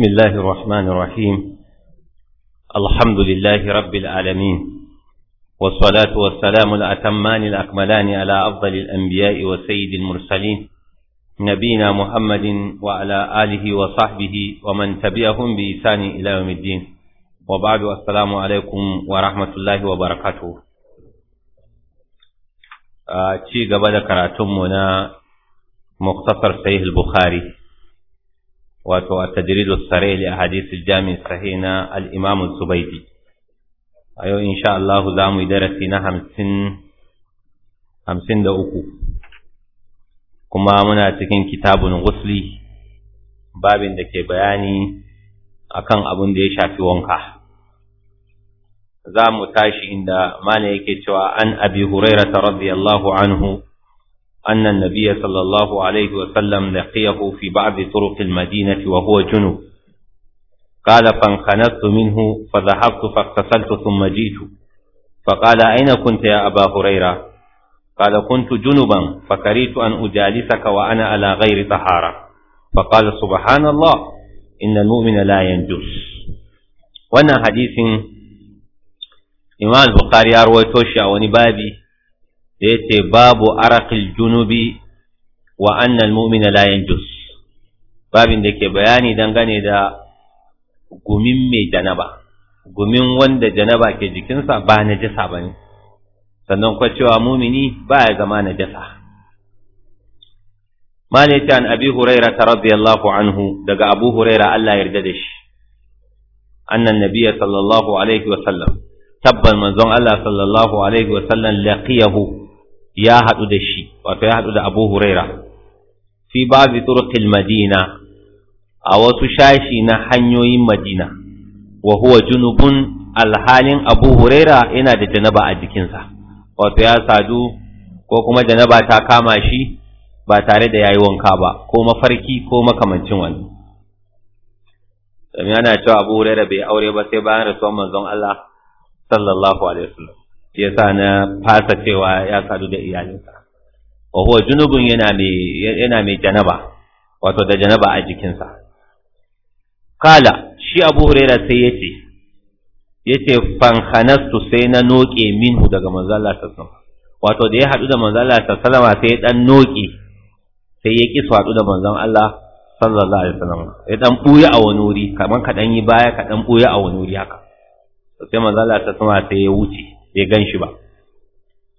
بسم الله الرحمن الرحيم الحمد لله رب العالمين والصلاة والسلام الأتمان الأكملان على أفضل الأنبياء وسيد المرسلين نبينا محمد وعلى آله وصحبه ومن تبعهم بإسان إلى يوم الدين وبعد السلام عليكم ورحمة الله وبركاته آه، شيء قبل كراتمنا مختصر صحيح البخاري wato a tajiridu as li ahadith jami sahih na al-imam a yau insha Allah za mu yi darasi na hamsin da uku kuma muna cikin kitabun gusli babin da ke bayani akan abin da ya shafi wanka za mu tashi inda mana yake cewa an abi hurairata radiyallahu anhu أن النبي صلى الله عليه وسلم لقيه في بعض طرق المدينة وهو جنوب قال فانخنست منه فذهبت فاغتسلت ثم جئت فقال أين كنت يا أبا هريرة قال كنت جنبا فكريت أن أجالسك وأنا على غير طهارة فقال سبحان الله إن المؤمن لا ينجس وانا حديث إمام البخاري أرويتوشي توشي ونبابي da yace babu arakil junubi wa annal mu'mina la yanjus babin da ke bayani dangane da gumin mai janaba gumin wanda janaba ke jikinsa ba na ba bane sannan kwa cewa mumini ba ya zama na najasa mane ta an abi huraira hurairah radiyallahu anhu daga abu huraira Allah ya yarda da shi annan nabiyya sallallahu alaihi wa sallam tabban manzon Allah sallallahu alaihi wa sallam laqiyahu ya haɗu da shi wato ya haɗu da abu huraira fi babi turqil madina a wasu shashi na hanyoyin madina wa huwa junubun alhalin abu huraira yana da janaba a jikinsa wato ya sadu ko kuma janaba ta kama shi ba tare da yayi wanka ba ko mafarki ko makamancin wani domin ana cewa abu huraira bai aure ba sai bayan rasuwar manzon Allah sallallahu alaihi wasallam shi yasa na fasa cewa ya sadu da iyalinsa wa huwa junubun yana mai yana mai janaba wato da janaba a jikinsa kala shi abu huraira sai yace ce fankanastu sai na noke minhu daga Manzala sassan wato da ya haɗu da Manzala sassan sallallahu alaihi sai dan noke sai ya ki haɗu da manzan Allah sallallahu alaihi wasallam ya dan buya a wani wuri kamar ka dan yi baya ka dan buya a wani wuri haka sai Manzala Allah sai ya wuce bai gan shi ba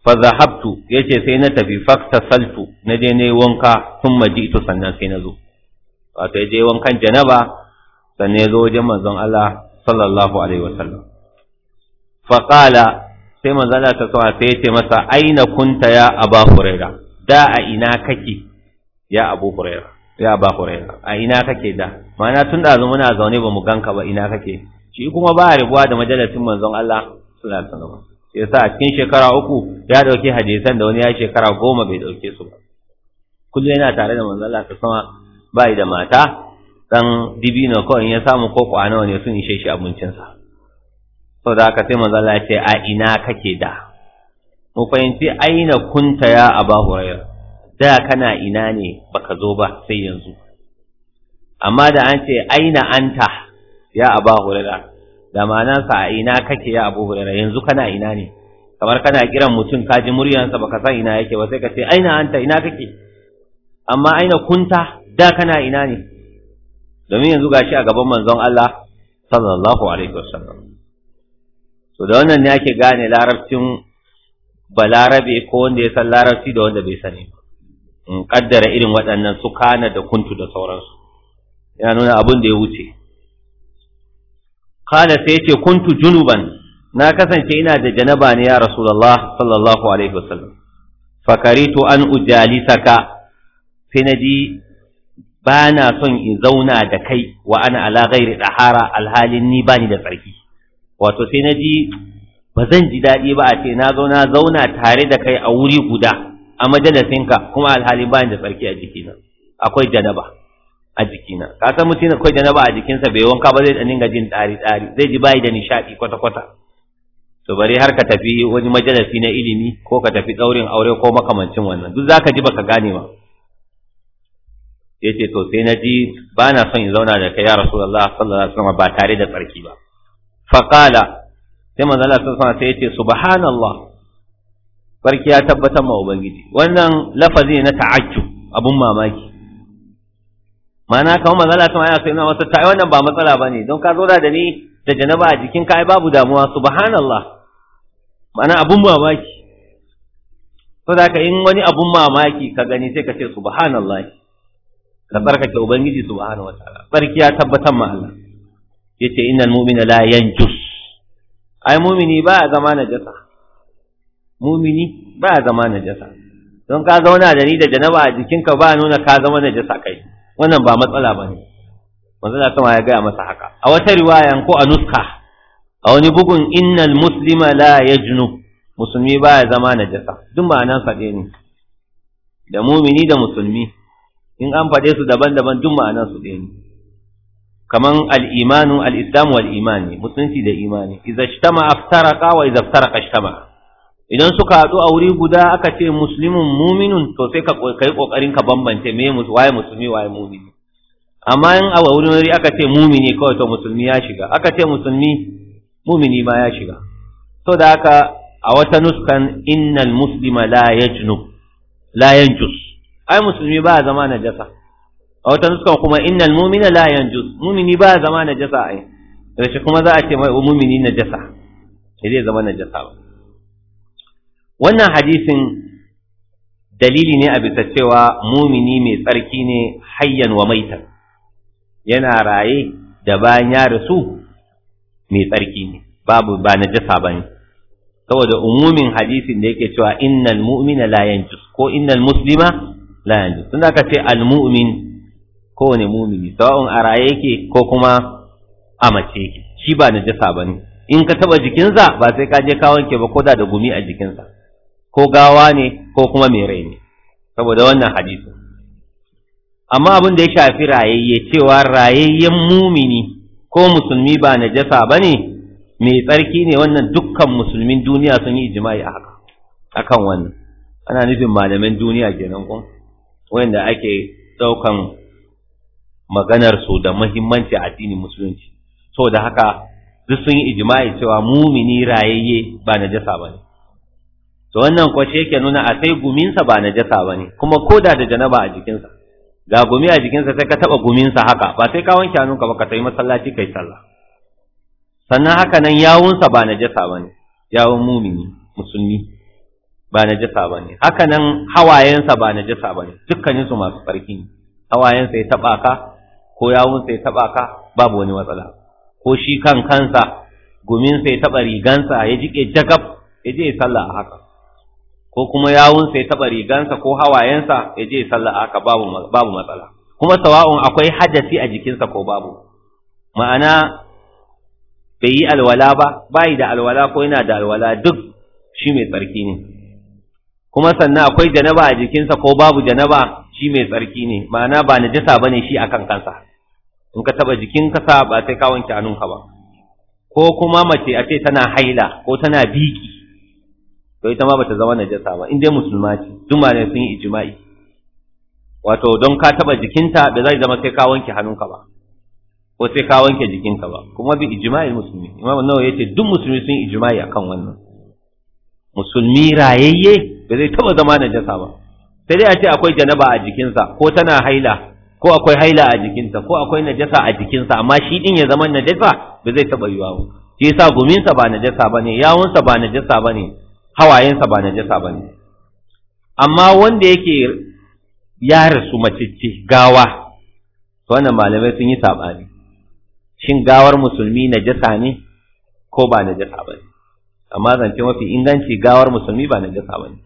fa zahabtu yace sai na tafi saltu na je ne wanka kuma jitu sannan sai na zo wato ya je wankan janaba sannan ya zo wajen manzon Allah sallallahu alaihi wasallam fa qala sai manzon Allah ta sawa sai yace masa aina kunta ya aba huraira da a ina kake ya abu huraira ya aba huraira a ina kake da ma'ana tun da muna zaune ba mu ganka ba ina kake shi kuma ba rabuwa da majalisin manzon Allah sallallahu alaihi wasallam sai sa a cikin shekara uku ya dauki hadisan da wani ya shekara goma bai dauke su ba kullum yana tare da Manzala Allah ta sama bai da mata dan dibino ko in ya samu ko kwana ne sun ishe shi abincin sa saboda haka sai Manzala ce a ina kake da mu fahimci aina kunta ya Abu Hurairah da kana ina ne baka zo ba sai yanzu amma da an ce aina anta ya a Abu Hurairah da ma'anansa a ina kake ya abu hurairah yanzu kana ina ne kamar kana kiran mutum ka ji muryansa baka san ina yake ba sai ka ce aina anta ina kake amma aina kunta da kana ina ne domin yanzu gashi a gaban manzon Allah sallallahu alaihi wasallam to da wannan ne ake gane larabcin balarabe ko wanda ya san larabci da wanda bai sani ba in kaddara irin waɗannan su kana da kuntu da sauransu yana nuna abin da ya wuce qala sai yace kuntu junuban na kasance ina da janaba ne ya rasulullah sallallahu alaihi wasallam fakaritu an ujalisaka saka, naji ba na son in zauna da kai wa ana ala ghairi dahara alhalin ni bani da tsarki wato sai naji ba zan ji daɗi ba a ce na zo na zauna tare da kai a wuri guda a majalisinka kuma alhalin bani da tsarki a jikina akwai janaba a jikina ka san mutum da kai da na ba a jikinsa bai wanka ba zai dinga jin tsari tsari zai ji bayi da nishaɗi kwata kwata to bari har ka tafi wani majalisi na ilimi ko ka tafi ɗaurin aure ko makamancin wannan duk zaka ji baka gane ba yace to sai na ji ba na son in zauna da kai ya rasulullah sallallahu alaihi wasallam ba tare da tsarki ba faqala sai manzo Allah sallallahu alaihi wasallam sai yace subhanallah barki ya tabbatar ma ubangiji wannan lafazi na ta'ajjub abun mamaki mana kamar matsala, sun ya sai na wasu ta wannan ba matsala bane don ka zo da ni da janaba a jikin ka ai babu damuwa subhanallah mana abun mamaki to da ka in wani abun mamaki ka gani sai ka ce subhanallah ka barkake ubangiji subhanahu wataala barkiya tabbatar ma Allah yace innal mu'mina la yanjus ai mu'mini ba zama najasa mumini ba zama najasa don ka zauna da ni da janaba a jikinka ba nuna ka zama najasa kai wannan ba matsala ba ne Matsala kama ya gaya masa haka a wata riwayan ko a nuska a wani bugun innal muslima la junu, musulmi baya zama najasa duk ma'anan faɗe ne da mumini da musulmi in an faɗe su daban-daban duk ma'anan su ɗaya ne kaman al-imanu al-islamu wal imani musulunci da imani idza ijtama aftaraka wa idza aftaraka ijtama idan suka haɗu a wuri guda aka ce muslimun muminun to sai ka kai kokarin ka bambance me musu waye musulmi waye mumini amma in a wurin wuri aka ce mumini kawai to musulmi ya shiga aka ce musulmi mumini ma ya shiga to da haka a wata nuskan innal muslima la yajnu la yanjus ai musulmi ba zama najasa a wata nuskan kuma innal mumina la yanjus mumini ba zama najasa ai da kuma za a ce mai mumini najasa sai zai zama najasa ba wannan hadisin dalili ne a bisa cewa mumini mai tsarki ne hayyan wa maitan yana raye da bayan ya rasu mai tsarki ne babu ba na jasa ba ne saboda umumin hadisin da yake cewa innal mu'mina la yanjus ko innal muslima la yanjus tun aka ce al mu'min ne mumini sawa'un a raye yake ko kuma a mace yake shi ba na jasa ba ne in ka taba jikinsa ba sai ka je ka wanke ba ko da da gumi a jikinsa ko gawa ne ko kuma mai rai ne saboda wannan hadisi amma abin da ya shafi rayayye cewa rayayyen mumini ko musulmi ba najasa bane mai tsarki ne wannan dukkan musulmin duniya sun yi jima'i a haka akan wannan ana nufin malaman duniya kenan kun wanda ake daukan maganar su da muhimmanci a addinin musulunci saboda haka duk sun yi ijma'i cewa mumini rayayye ba najasa bane to wannan kwace yake nuna a sai guminsa ba najasa ba ne kuma ko da janaba a jikinsa ga gumi a jikinsa sai ka taɓa guminsa haka ba sai ka wanke hannunka ba ka sai masallaci kai sallah sannan haka nan yawunsa ba najasa ba ne yawun mumini musulmi ba najasa ba ne haka nan hawayensa ba najasa ba ne dukkaninsu masu tsarki ne hawayensa ya taɓa ka ko yawunsa ya taɓa ka babu wani matsala ko shi kan kansa guminsa ya taɓa rigansa ya jiƙe jagab ya je ya sallah a haka ko kuma yawunsa ya taɓa rigansa ko hawayensa ya je sallah haka babu matsala kuma sawa'un akwai hadasi a jikinsa ko babu ma'ana bai yi alwala ba bai da alwala ko yana da alwala duk shi mai tsarki ne kuma sannan akwai janaba a jikinsa ko babu janaba shi mai tsarki ne ma'ana ba na ba ne shi akan kansa in ka taɓa jikin kasa, ba sai ka wanke hannunka ba ko kuma mace a ce tana haila ko tana biki to ita ma bata zama najasa ba in dai musulma ce duk ne sun yi ijma'i wato don ka taba jikinta bai zai zama sai ka wanke hannunka ba ko sai ka wanke jikinka ba kuma bi ijma'i musulmi imam an-nawawi yace duk musulmi sun yi ijma'i akan wannan musulmi rayayye bai zai taba zama najasa ba sai dai a ce akwai janaba a jikinsa ko tana haila ko akwai haila a jikinsa ko akwai najasa a jikinsa amma shi din ya zama najasa ba zai taba yiwa ba shi yasa guminsa ba najasa bane yawunsa ba najasa bane hawayensa ba najasa ba ne amma wanda yake ya rasu macicci gawa to wannan malamai sun yi saɓani shin gawar musulmi najasa ne ko ba najasa ba ne amma zance mafi inganci gawar musulmi ba najasa ba ne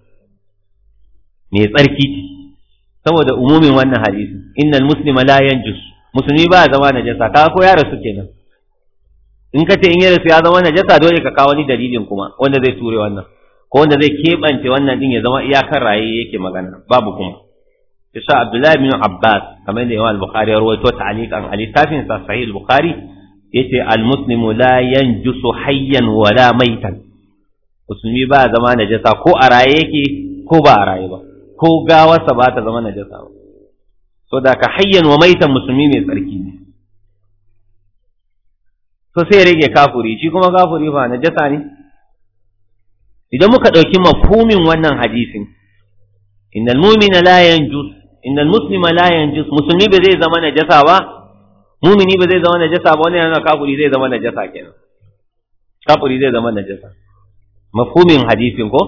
mai tsarki ce saboda umumin wannan hadisi innal muslima la yanjus musulmi ba zama najasa ka ko ya rasu kenan in ka ce in ya rasu ya zama najasa dole ka kawo ni dalilin kuma wanda zai ture wannan ko wanda zai keɓance wannan din ya zama iyakar raye yake magana babu kuma isa Abdullahi bin Abbas kamar da Imam Bukhari ya rawaito ta'aliqan a littafin sa Sahih Bukhari yace al-muslimu la yanjusu hayyan wala maitan musulmi ba zama najasa ko a raye yake ko ba a raye ba ko gawarsa ba ta zama najasa ba so da ka hayyan wa maitan musulmi mai tsarki ne so sai rage kafuri shi kuma kafuri ba najasa ne idan muka ɗauki mafhumin wannan hadisin innal mu'mina la yanjus innal muslima la yanjus musulmi ba zai zama najasa ba mumini ba zai zama najasa ba wannan yana kafiri zai zama najasa kenan kafiri zai zama najasa mafhumin hadisin ko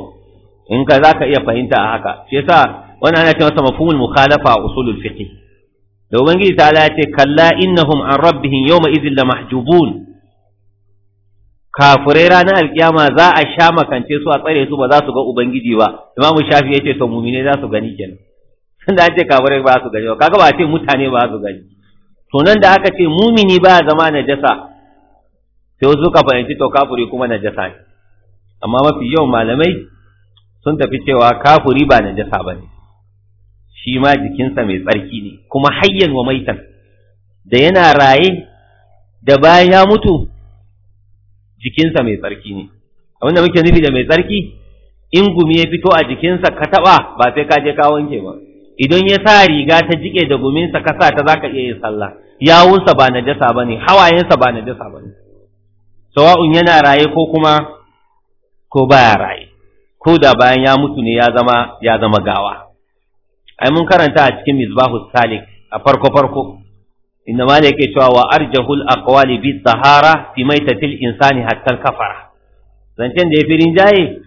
in ka zaka iya fahimta a haka shi yasa wannan ana cewa mafhumul mukhalafa a usulul fiqh da ubangiji ta ce kalla innahum an rabbihim yawma idhil mahjubun kafirai ranar alkiyama za a sha makance su a tsare su ba za su ga ubangiji ba imamu shafi ya ce to mumine za su gani kenan tunda an ce kafirai ba su gani ba kaga ba ce mutane ba su gani to nan da aka ce mumini ba zama najasa sai wasu ka fahimci to kafiri kuma najasa ne amma mafi yawan malamai sun tafi cewa kafiri ba najasa ba ne shi ma jikinsa mai tsarki ne kuma hayyan wa maitan da yana raye da bayan ya mutu jikinsa mai tsarki ne abinda muke nufi da mai tsarki in gumi ya fito a jikinsa ka taɓa ba sai ka je ka wanke ba idan ya sa riga ta jike da guminsa ka sa ta za ka iya yin sallah yawunsa ba na jasa ba ne hawayensa ba na jasa ba ne sawa'un yana raye ko kuma ko baya raye ko da bayan ya mutu ne ya zama ya zama gawa ai mun karanta a cikin misbahu salik a farko farko inna ma ne yake cewa wa arjahul aqwali bi sahara fi maitatil insani hatta kafara zancen da ya fi rinjaye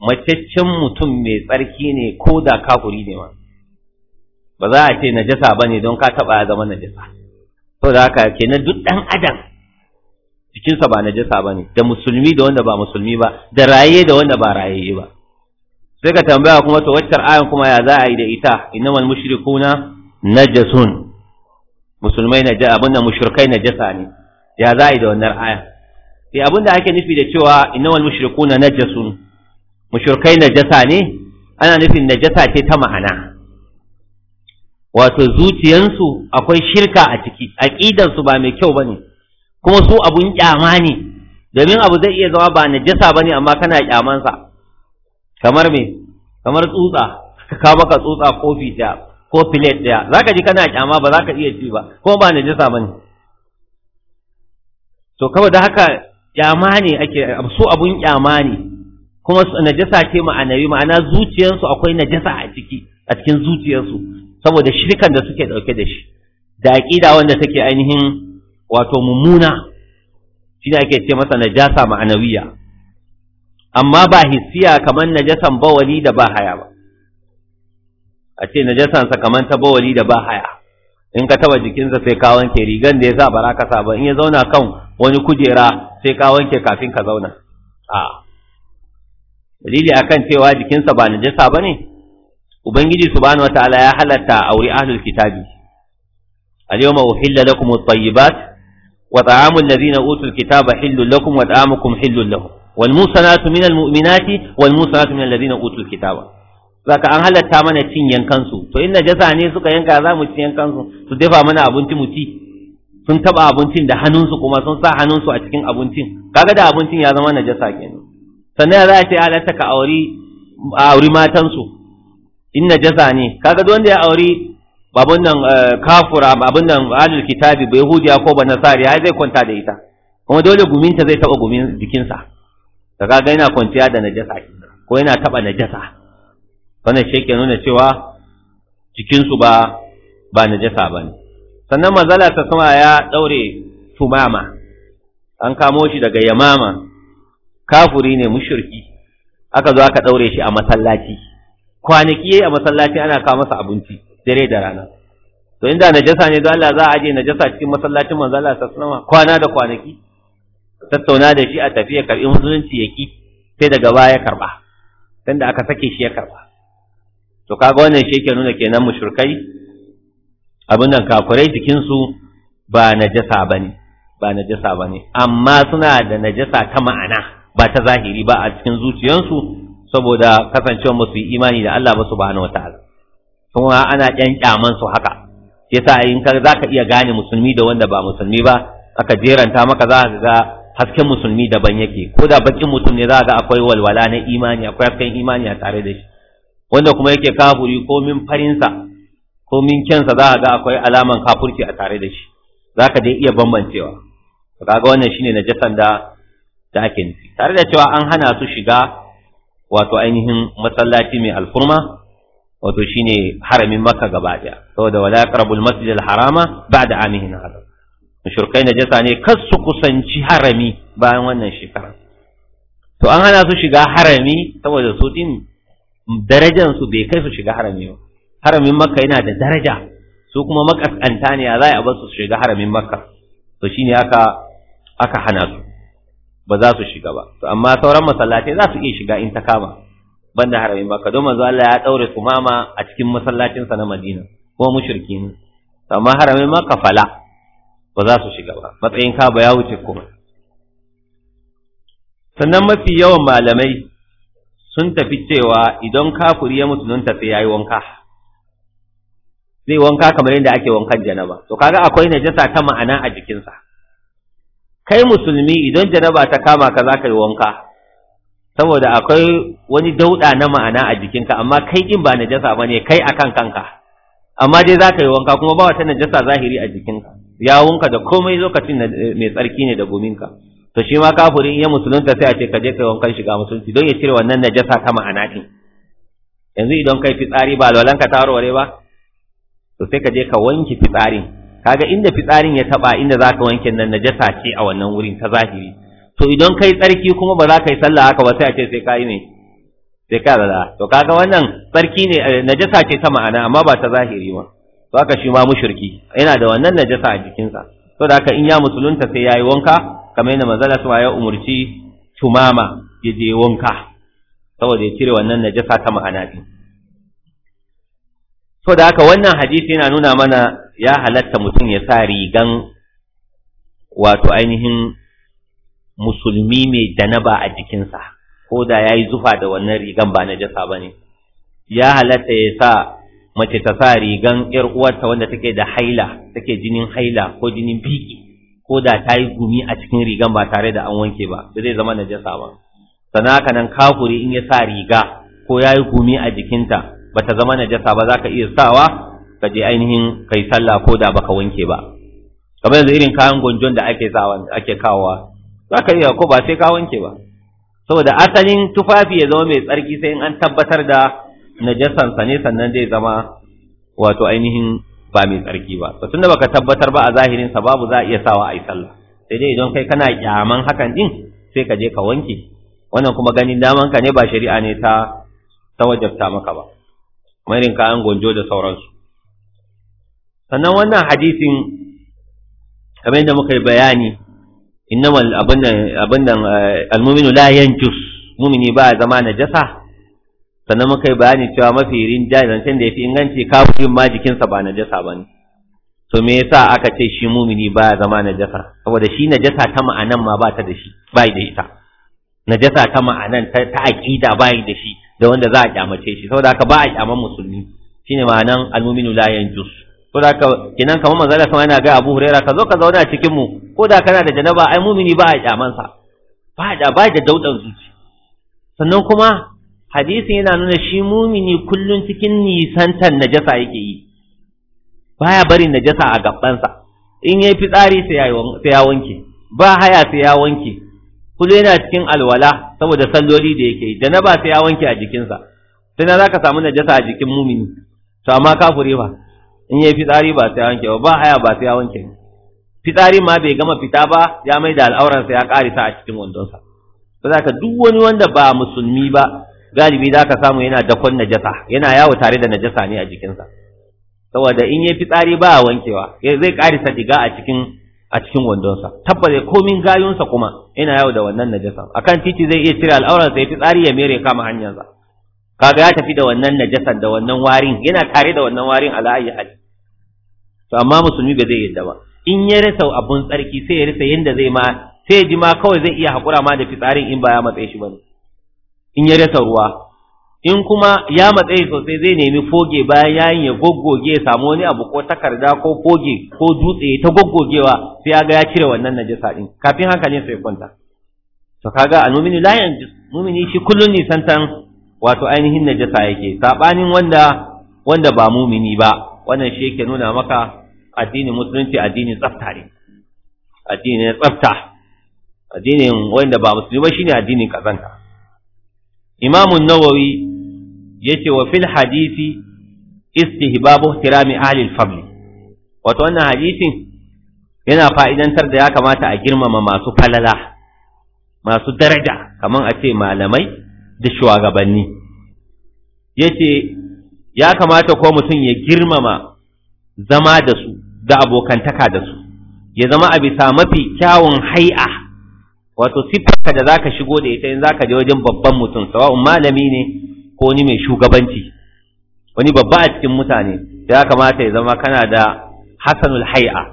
macaccen mutum mai tsarki ne ko da kafuri ne ma ba za a ce najasa ba ne don ka taɓa ya zama najasa to da haka ke na duk ɗan adam jikinsa ba najasa ba ne da musulmi da wanda ba musulmi ba da raye da wanda ba raye ba sai ka tambaya kuma to wacce ayan kuma ya za a yi da ita innamal mushrikuna najasun musulmai na ja abin da mushrikai na jasa ne ya za da wannan aya sai eh, abin ake nufi da cewa innawal mushrikuna najasun mushrikai na jasa ne ana nufin najasa ce ta ma'ana wato zuciyansu akwai shirka a ciki aqidansu ba mai kyau bane kuma su abun kyama ne domin abu zai iya zama ba najasa bane amma kana kyamansa kamar me kamar tsutsa ka maka tsutsa kofi ta ko plate ɗaya za ka ji kana kyama ba za ka iya ci ba ko ba jisa ba ne to kawai da haka kyama ne ake su abun kyama ne kuma najasa ce ma'anari ma'ana zuciyarsu akwai najasa a ciki a cikin zuciyarsu saboda shirkan da suke ɗauke da shi da aƙida wanda take ainihin wato mummuna shi ne ake ce masa najasa ma'anawiya amma ba hisiya kamar najasan bawali da ba haya ba a ce najasansa kamar tabawali bawali da ba haya in ka taba jikinsa sai ka wanke rigan da ya sa bara ka sa ba in ya zauna kan wani kujera sai ka wanke kafin ka zauna a dalili akan cewa jikinsa ba najasa bane ubangiji subhanahu wataala ya halatta auri ahlul kitabi al-yawma uhilla lakum at-tayyibat wa ta'amu alladhina utul kitaba hillun lakum wa ta'amukum hillun lahum wal musanatu minal mu'minati wal musanatu minal utul kitaba zaka an halatta mana cin yankansu to in najasa ne suka yanka za mu ci yankansu su dafa mana abinci mu ci sun taba abincin da hannunsu kuma sun sa hannunsu a cikin abincin kaga da abincin ya zama najasa kenan sannan za a ce halatta ka auri auri matansu in najasa ne kaga duk wanda ya auri babun nan eh, kafura babun nan ahlul kitabi bai hudiya ko banasari ai zai kwanta da ita kuma dole guminta zai taba gumin jikinsa kaga yana kwanciya da najasa ko yana taba najasa wannan shi ke nuna cewa jikinsu ba ba najasa ba ne sannan mazala ta sama ya daure tumama an kamo shi daga yamama kafuri ne mushirki aka zo aka ɗaure shi a masallaci kwanaki yayi a masallaci ana kawo masa abinci dare da rana to inda najasa ne don Allah za a aje najasa cikin masallacin manzo Allah sunama kwana da kwanaki tattauna da shi a tafiya karbi musulunci yaki sai daga baya karba tunda aka sake shi ya karba to kaga wannan shi ke nuna kenan mushrikai abin nan kafurai jikinsu ba najasa bane ba najasa bane amma suna da najasa ta ma'ana ba ta zahiri ba a cikin zuciyansu saboda kasancewar musu imani da Allah ba subhanahu wataala kuma ana ɗan kyaman su haka yasa in ka zaka iya gane musulmi da wanda ba musulmi ba aka jeranta maka za ka ga hasken musulmi daban yake ko da bakin mutum ne za ga akwai walwala na imani akwai hasken imani a tare da shi wanda kuma yake kafuri ko min farinsa ko min kyansa za ka ga akwai alaman kafurki a tare da shi za ka dai iya bambancewa kaga wannan shine najasan da da ake nufi tare da cewa an hana su shiga wato ainihin masallaci mai alfurma wato shine haramin makka gaba daya saboda wala yaqrabul masjid al harama ba'da amihin hada mushrikai najasa ne kar su kusanci harami bayan wannan shekara to an hana su shiga harami saboda su din darajan su bai kai su shiga harami ba haramin makka yana da daraja su kuma makaskanta ne za a bar su shiga haramin makka to shine aka aka hana su ba za su shiga ba to amma sauran masallatai za su iya shiga in ta kama banda haramin makka don manzo Allah ya daure sumama a cikin masallacin sa na Madina ko mushrikin To amma haramin makka fala ba za su shiga ba matsayin ka ba ya wuce kuma sannan mafi yawan malamai sun tafi cewa idan kafuri ya musulunta sai yi wanka zai wanka kamar yadda ake wankan janaba to kaga akwai najasa ta ma'ana a jikinsa kai musulmi idan janaba ta kama ka za ka yi wanka saboda akwai wani dauɗa na ma'ana a jikinka amma kai din ba najasa ne, kai akan kanka amma dai za ka yi wanka kuma ba wata najasa zahiri a jikinka yawunka da komai lokacin eh, mai tsarki ne da gominka to shi ma kafiri ya musulunta sai a ce ka je kai wankan shiga musulunci don ya cire wannan najasa ta ma'ana din yanzu idan kai fitsari ba alwalan ka tarore ba to sai ka je ka wanke fitsarin kaga inda fitsarin ya taba inda zaka wanke nan najasa ce a wannan wurin ta zahiri to idan kai tsarki kuma ba za ka yi sallah haka ba sai a ce sai kai ne sai ka da to kaga wannan tsarki ne eh, najasa ce ta ma'ana amma ba ta zahiri ba to haka shi ma mushriki yana da wannan najasa a jikinsa to da haka in ya musulunta sai yayi wanka kamar yadda manzala su ya umurci tumama ya je wanka saboda ya cire wannan najasa ta ma'ana din to da haka wannan hadisi yana nuna mana ya halatta mutum ya sa rigan wato ainihin musulmi mai janaba a jikinsa ko da ya yi zufa da wannan rigan ba najasa ba ne ya halatta ya sa mace ta sa rigan 'yar uwarta wanda take da haila take jinin haila ko jinin biki ko da ta yi gumi a cikin rigan ba tare da an wanke ba ba zai zama najasa ba sana kanan nan kafuri in ya sa riga ko ya yi gumi a jikinta ba ta zama najasa ba za ka iya sawa ka je ainihin kai sallah ko da baka wanke ba kamar yanzu irin kayan gwanjon da ake sawa ake kawowa za ka iya ko ba sai ka wanke ba saboda asalin tufafi ya zama mai tsarki sai in an tabbatar da najasansa ne sannan zai zama wato ainihin ba mai tsarki ba to tunda baka tabbatar ba a zahirin sa babu za a iya sawa ai sallah sai dai idan kai kana kyaman hakan din sai ka je ka wanke wannan kuma ganin daman ka ne ba shari'a ne ta ta wajabta maka ba kamar kayan gonjo da sauransu sannan wannan hadisin kamar yadda muka yi bayani innamal abinnan eh, almuminu la yanjus mumini ba zama najasa sannan muka yi bayani cewa mafi jihar zancen da ya fi inganci kafin ma jikinsa ba najasa ba ne to me yasa aka ce shi mumini ba zama najasa saboda shi najasa ta ma'anan ma ba ta da shi ba da ita najasa ta ma'anan ta aqida ba da shi da wanda za a kyamace shi saboda haka ba a kyaman musulmi shine ma'anan almuminu la yanjus saboda haka kinan kamar manzo Allah sama yana ga Abu Hurairah ka zo ka zauna cikin mu ko da kana da janaba ai mumini ba a kyaman sa ba da ba da daudan zuci sannan kuma hadisi yana nuna shi mumini kullun cikin nisantar najasa yake yi baya bari najasa a gabansa in yayi fitsari sai ya wanke ba haya sai ya wanke kullu yana cikin alwala saboda salloli da yake yi janaba sai ya wanke a jikinsa sai na zaka samu najasa a jikin mumini to amma kafure ba in yayi fitsari ba sai ya wanke ba ba haya ba sai ya wanke fitsari ma bai gama fita ba ya maida al'auransa ya karisa a cikin wandonsa saboda duk wani wanda ba musulmi ba galibi za ka samu yana dakon najasa yana yawo tare da najasa ne a jikinsa saboda in ya fitsari ba a wankewa zai karisa diga a cikin a cikin wandonsa tabbata komin gayunsa kuma yana yawo da wannan najasa akan titi zai iya cire al'auransa ya fitsari ya mere kama hanyarsa kaga ya tafi da wannan najasa da wannan warin yana tare da wannan warin ala ayi hali to amma musulmi ba zai yadda ba in ya rasa abun tsarki sai ya rasa yanda zai ma sai ji ma kawai zai iya hakura ma da fitsarin in ba ya matsayi shi bane in ya rasa ruwa in kuma ya matsayi sosai zai nemi foge bayan yayin ya goggoge ya samu wani abu ko takarda ko foge ko dutse ta goggogewa sai ya ga ya cire wannan najasa din kafin haka ne sai kwanta to kaga al-mu'minu la yanjus mu'mini shi kullun santan wato ainihin najasa yake sabanin wanda wanda ba mu'mini ba wannan shi yake nuna maka addinin musulunci addinin tsafta ne addinin tsafta addinin wanda ba musulmi ba shine addinin kazanta imamun nawawi yace wa fil hadisi istihbabu ihtirami ahli al-fadl wato wannan hadisin yana fa'idantar da ya kamata a girmama masu falala masu daraja kaman a ce malamai da shugabanni yace ya kamata ko mutum ya girmama zama da su da abokantaka da su ya zama a bisa mafi kyawun hai'a wato siffarka da zaka shigo da ita in zaka je wajen babban mutum sawa'un malami ne ko ni mai shugabanci wani babba a cikin mutane ya kamata ya zama kana da hasanul hay'a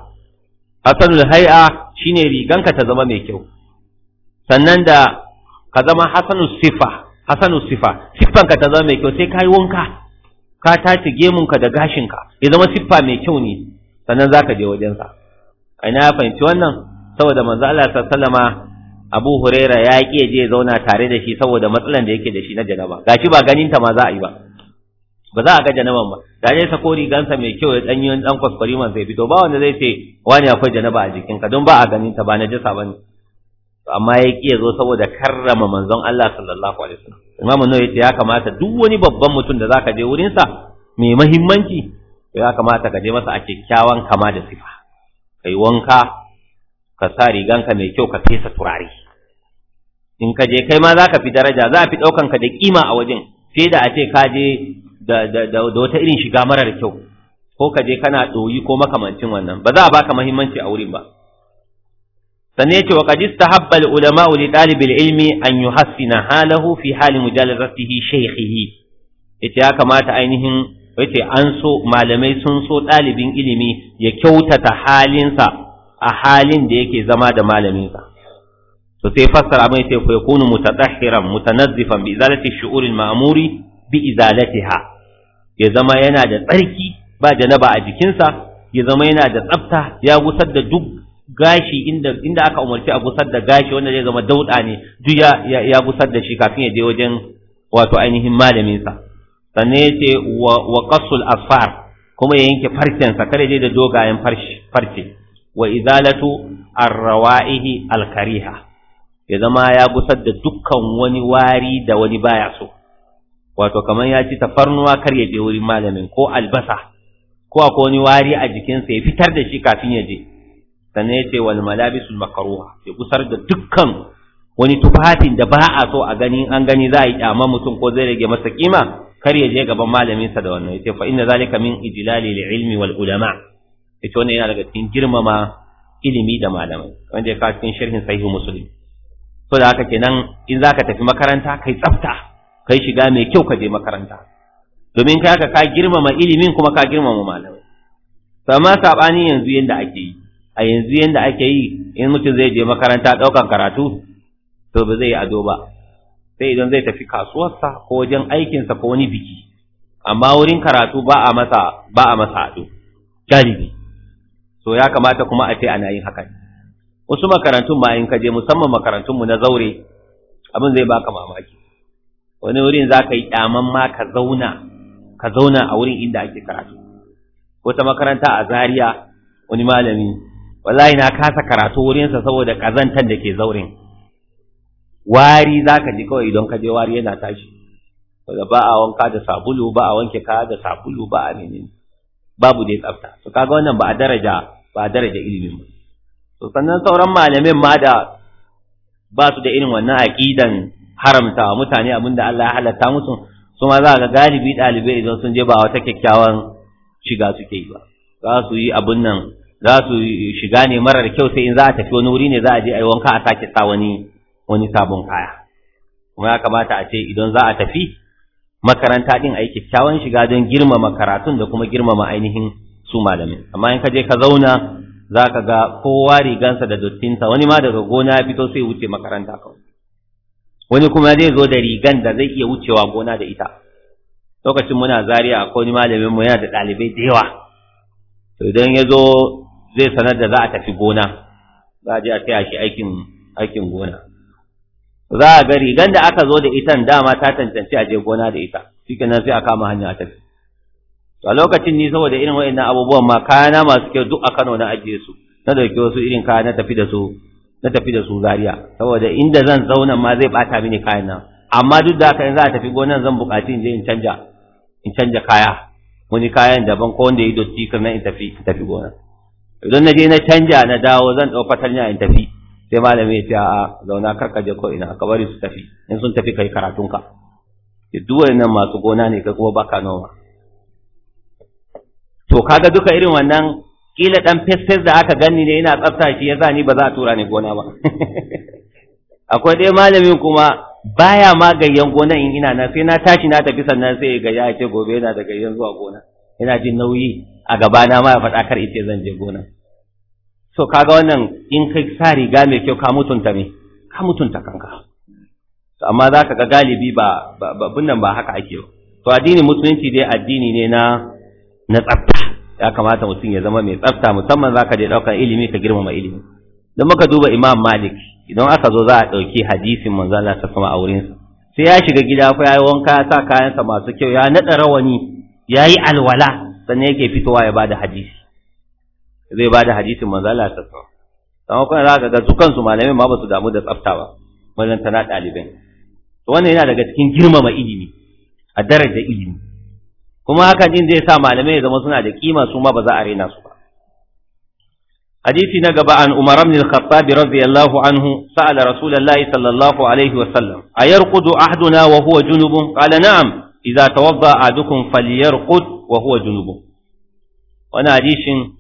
hasanul hay'a shine riganka ta zama mai kyau sannan da ka zama hasanul sifa hasanul sifa siffanka ta zama mai kyau sai kai wanka ka tace gemunka da gashinka ya zama siffa mai kyau ne sannan zaka je wajensa a ina ya fahimci wannan saboda manzo Allah sallallahu alaihi wasallama abu huraira ya ƙi ya je zauna tare da shi saboda matsalan da yake da shi na janaba gashi ba ganinta ma za a yi ba ba za a ga janaban ba da ne sako rigansa mai kyau ya danyi wani dan kwaskwari man sai fito ba wanda zai ce wani akwai janaba a jikin ka don ba a ganinta ba na ba ne amma ya ƙi zo saboda karrama manzon Allah sallallahu alaihi wasallam imamu ne yace ya kamata duk wani babban mutum da zaka je wurin sa mai muhimmanci ya kamata ka je masa a kyakkyawan kama da sifa kai wanka ka sa riganka mai kyau ka fesa turare in ka je kai ma za ka fi daraja za a fi ɗaukan ka da kima a wajen fiye da a ce ka je da wata irin shiga marar kyau ko ka je kana ɗoyi ko makamancin wannan ba za a baka muhimmanci a wurin ba sannan ce wa qad istahabba ulama li ɗalibin ilmi an yi yuhassina halahu fi hali mujalasatihi shaykhihi yace ya kamata ainihin yace an so malamai sun so ɗalibin ilimi ya kyautata halinsa a halin da yake zama da malaminsa so sai fassara mai sai ku yakunu mutadahhiran mutanazzifan bi izalati shu'ur al-ma'muri bi izalatiha ya zama yana da tsarki ba janaba a jikinsa ya zama yana da tsafta ya gusar da duk gashi inda inda aka umarci a gusar da gashi wanda zai zama dauda ne duk ya gusar da shi kafin ya je wajen wato ainihin malamin sa sannan yace wa wa qasul asfar kuma ya yanke farcen sa kare da dogayen farce wa izalatu arrawaihi alkariha ya zama ya gusar da dukkan wani wari da wani baya so wato kamar ya ci tafarnuwa kar ya je wurin malamin ko albasa ko akwai wani wari a jikinsa ya fitar da shi kafin ya je sannan ya ce wal malabisul makruha ya gusar da dukkan wani tufafin da ba a so a gani an gani za a yi dama mutum ko zai rage masa kima kar ya je gaban malaminsa da wannan yace fa inna zalika min ijlali lil ilmi wal ulama yace wannan yana daga cikin girmama ilimi da malamai wanda ya ka cikin sharhin sahih muslim so da haka kenan in zaka tafi makaranta kai tsafta kai shiga mai kyau ka je makaranta domin ka ka girmama ilimin kuma ka girmama malamai sama sabani yanzu yanda ake yi a yanzu yanda ake yi in mutum zai je makaranta daukan karatu to ba zai yi ado ba sai idan zai tafi kasuwarsa ko wajen aikin sa ko wani biki amma wurin karatu ba a masa ba a masa ado galibi so ya kamata kuma a ce ana yin hakan wasu makarantun bayan in kaje musamman makarantunmu na zaure abin zai baka mamaki wani wurin za ka yi kyaman ma ka zauna ka zauna a wurin inda ake karatu wata makaranta a zaria wani malami wallahi na kasa karatu wurinsa saboda kazantar da ke zaurin wari za ka ji kawai idan ka je wari yana tashi daga ba a wanka da sabulu ba a wanke kaya da sabulu ba a menene babu dai tsafta to kaga wannan ba a daraja ba a daraja ilimin ba to sannan sauran malamin ma da ba su da irin wannan aqidan haramta wa mutane abinda Allah ya halatta musu su ma za ga galibi ɗalibai idan sun je ba wata kyakkyawan shiga suke yi ba za su yi abin nan za su shiga ne marar kyau sai in za a tafi wani wuri ne za a je a yi wanka a sake sa wani wani sabon kaya kuma ya kamata a ce idan za a tafi makaranta din a yi kyakkyawan shiga don girmama karatun da kuma girmama ainihin su malamin amma in ka je ka zauna za ka ga kowa rigansa da dottinsa wani ma daga gona ya fito sai wuce makaranta kawai wani kuma zai zo da rigan da zai iya wucewa gona da ita lokacin muna Zariya akwai kowani malamin mu yana da ɗalibai da yawa to idan ya zo zai sanar da za a tafi gona za a je a kai shi aikin aikin gona za a ga rigan da aka zo da ita dama ta tantance a je gona da ita shikenan sai a kama hanya a tafi to a lokacin ni saboda irin wa'annan abubuwan ma kayana masu kyau duk a Kano na ajiye su na dauke wasu irin kaya na tafi da su na tafi da su Zaria saboda inda zan zauna ma zai bata mini kayan nan amma duk da haka in za a tafi gonan zan bukaci in je in canja in canja kaya wani kayan daban ko wanda ya dotti kan in tafi in tafi gona idan na je na canja na dawo zan dau fatanya in tafi sai malami ya ce a, zauna karka je ko ina ka bari su tafi in sun tafi kai karatunka duk wayannan masu gona ne ka kuma baka noma to kaga duka irin wannan kila dan fesfes da aka gani ne ina tsafta shi yasa ni ba za a tura ni gona ba akwai dai malamin kuma baya ma gayyan gona in ina na, sai na tashi na tafi sannan sai ga ya ce gobe yana da gayyan zuwa gona yana jin nauyi a gabana ma faɗa kar ice zan je gona so kaga wannan in kai sa riga mai kyau ka mutunta me ka mutunta kanka to amma za ka ga galibi ba nan ba haka ake ba to addini musulunci dai addini ne na na tsafta ya kamata mutum ya zama mai tsafta musamman za zaka je ɗaukar ilimi ka girmama ilimi don muka duba imam malik idan aka zo za a ɗauki hadisin manzo Allah ta sama a wurinsa sai ya shiga gida ko ya yi wanka ya sa kayansa masu kyau ya naɗa rawani ya yi alwala sannan yake fitowa ya bada hadisi zai bada hadisin manzo Allah ta sama kuma za ka ga su kansu malamai ma ba su damu da tsafta ba wajen tana ɗalibai wannan yana daga cikin girmama ilimi a darajar ilimi kuma hakan din zai sa malamai ya zama suna da kima su ma ba za a rena su ba hadisi na gaba an umar ibn al-khattab radiyallahu anhu sa'ala rasulullahi sallallahu alaihi wa sallam ayarqudu ahduna wa huwa junubun qala na'am idza tawadda ahadukum falyarqud wa huwa junubun wannan hadisin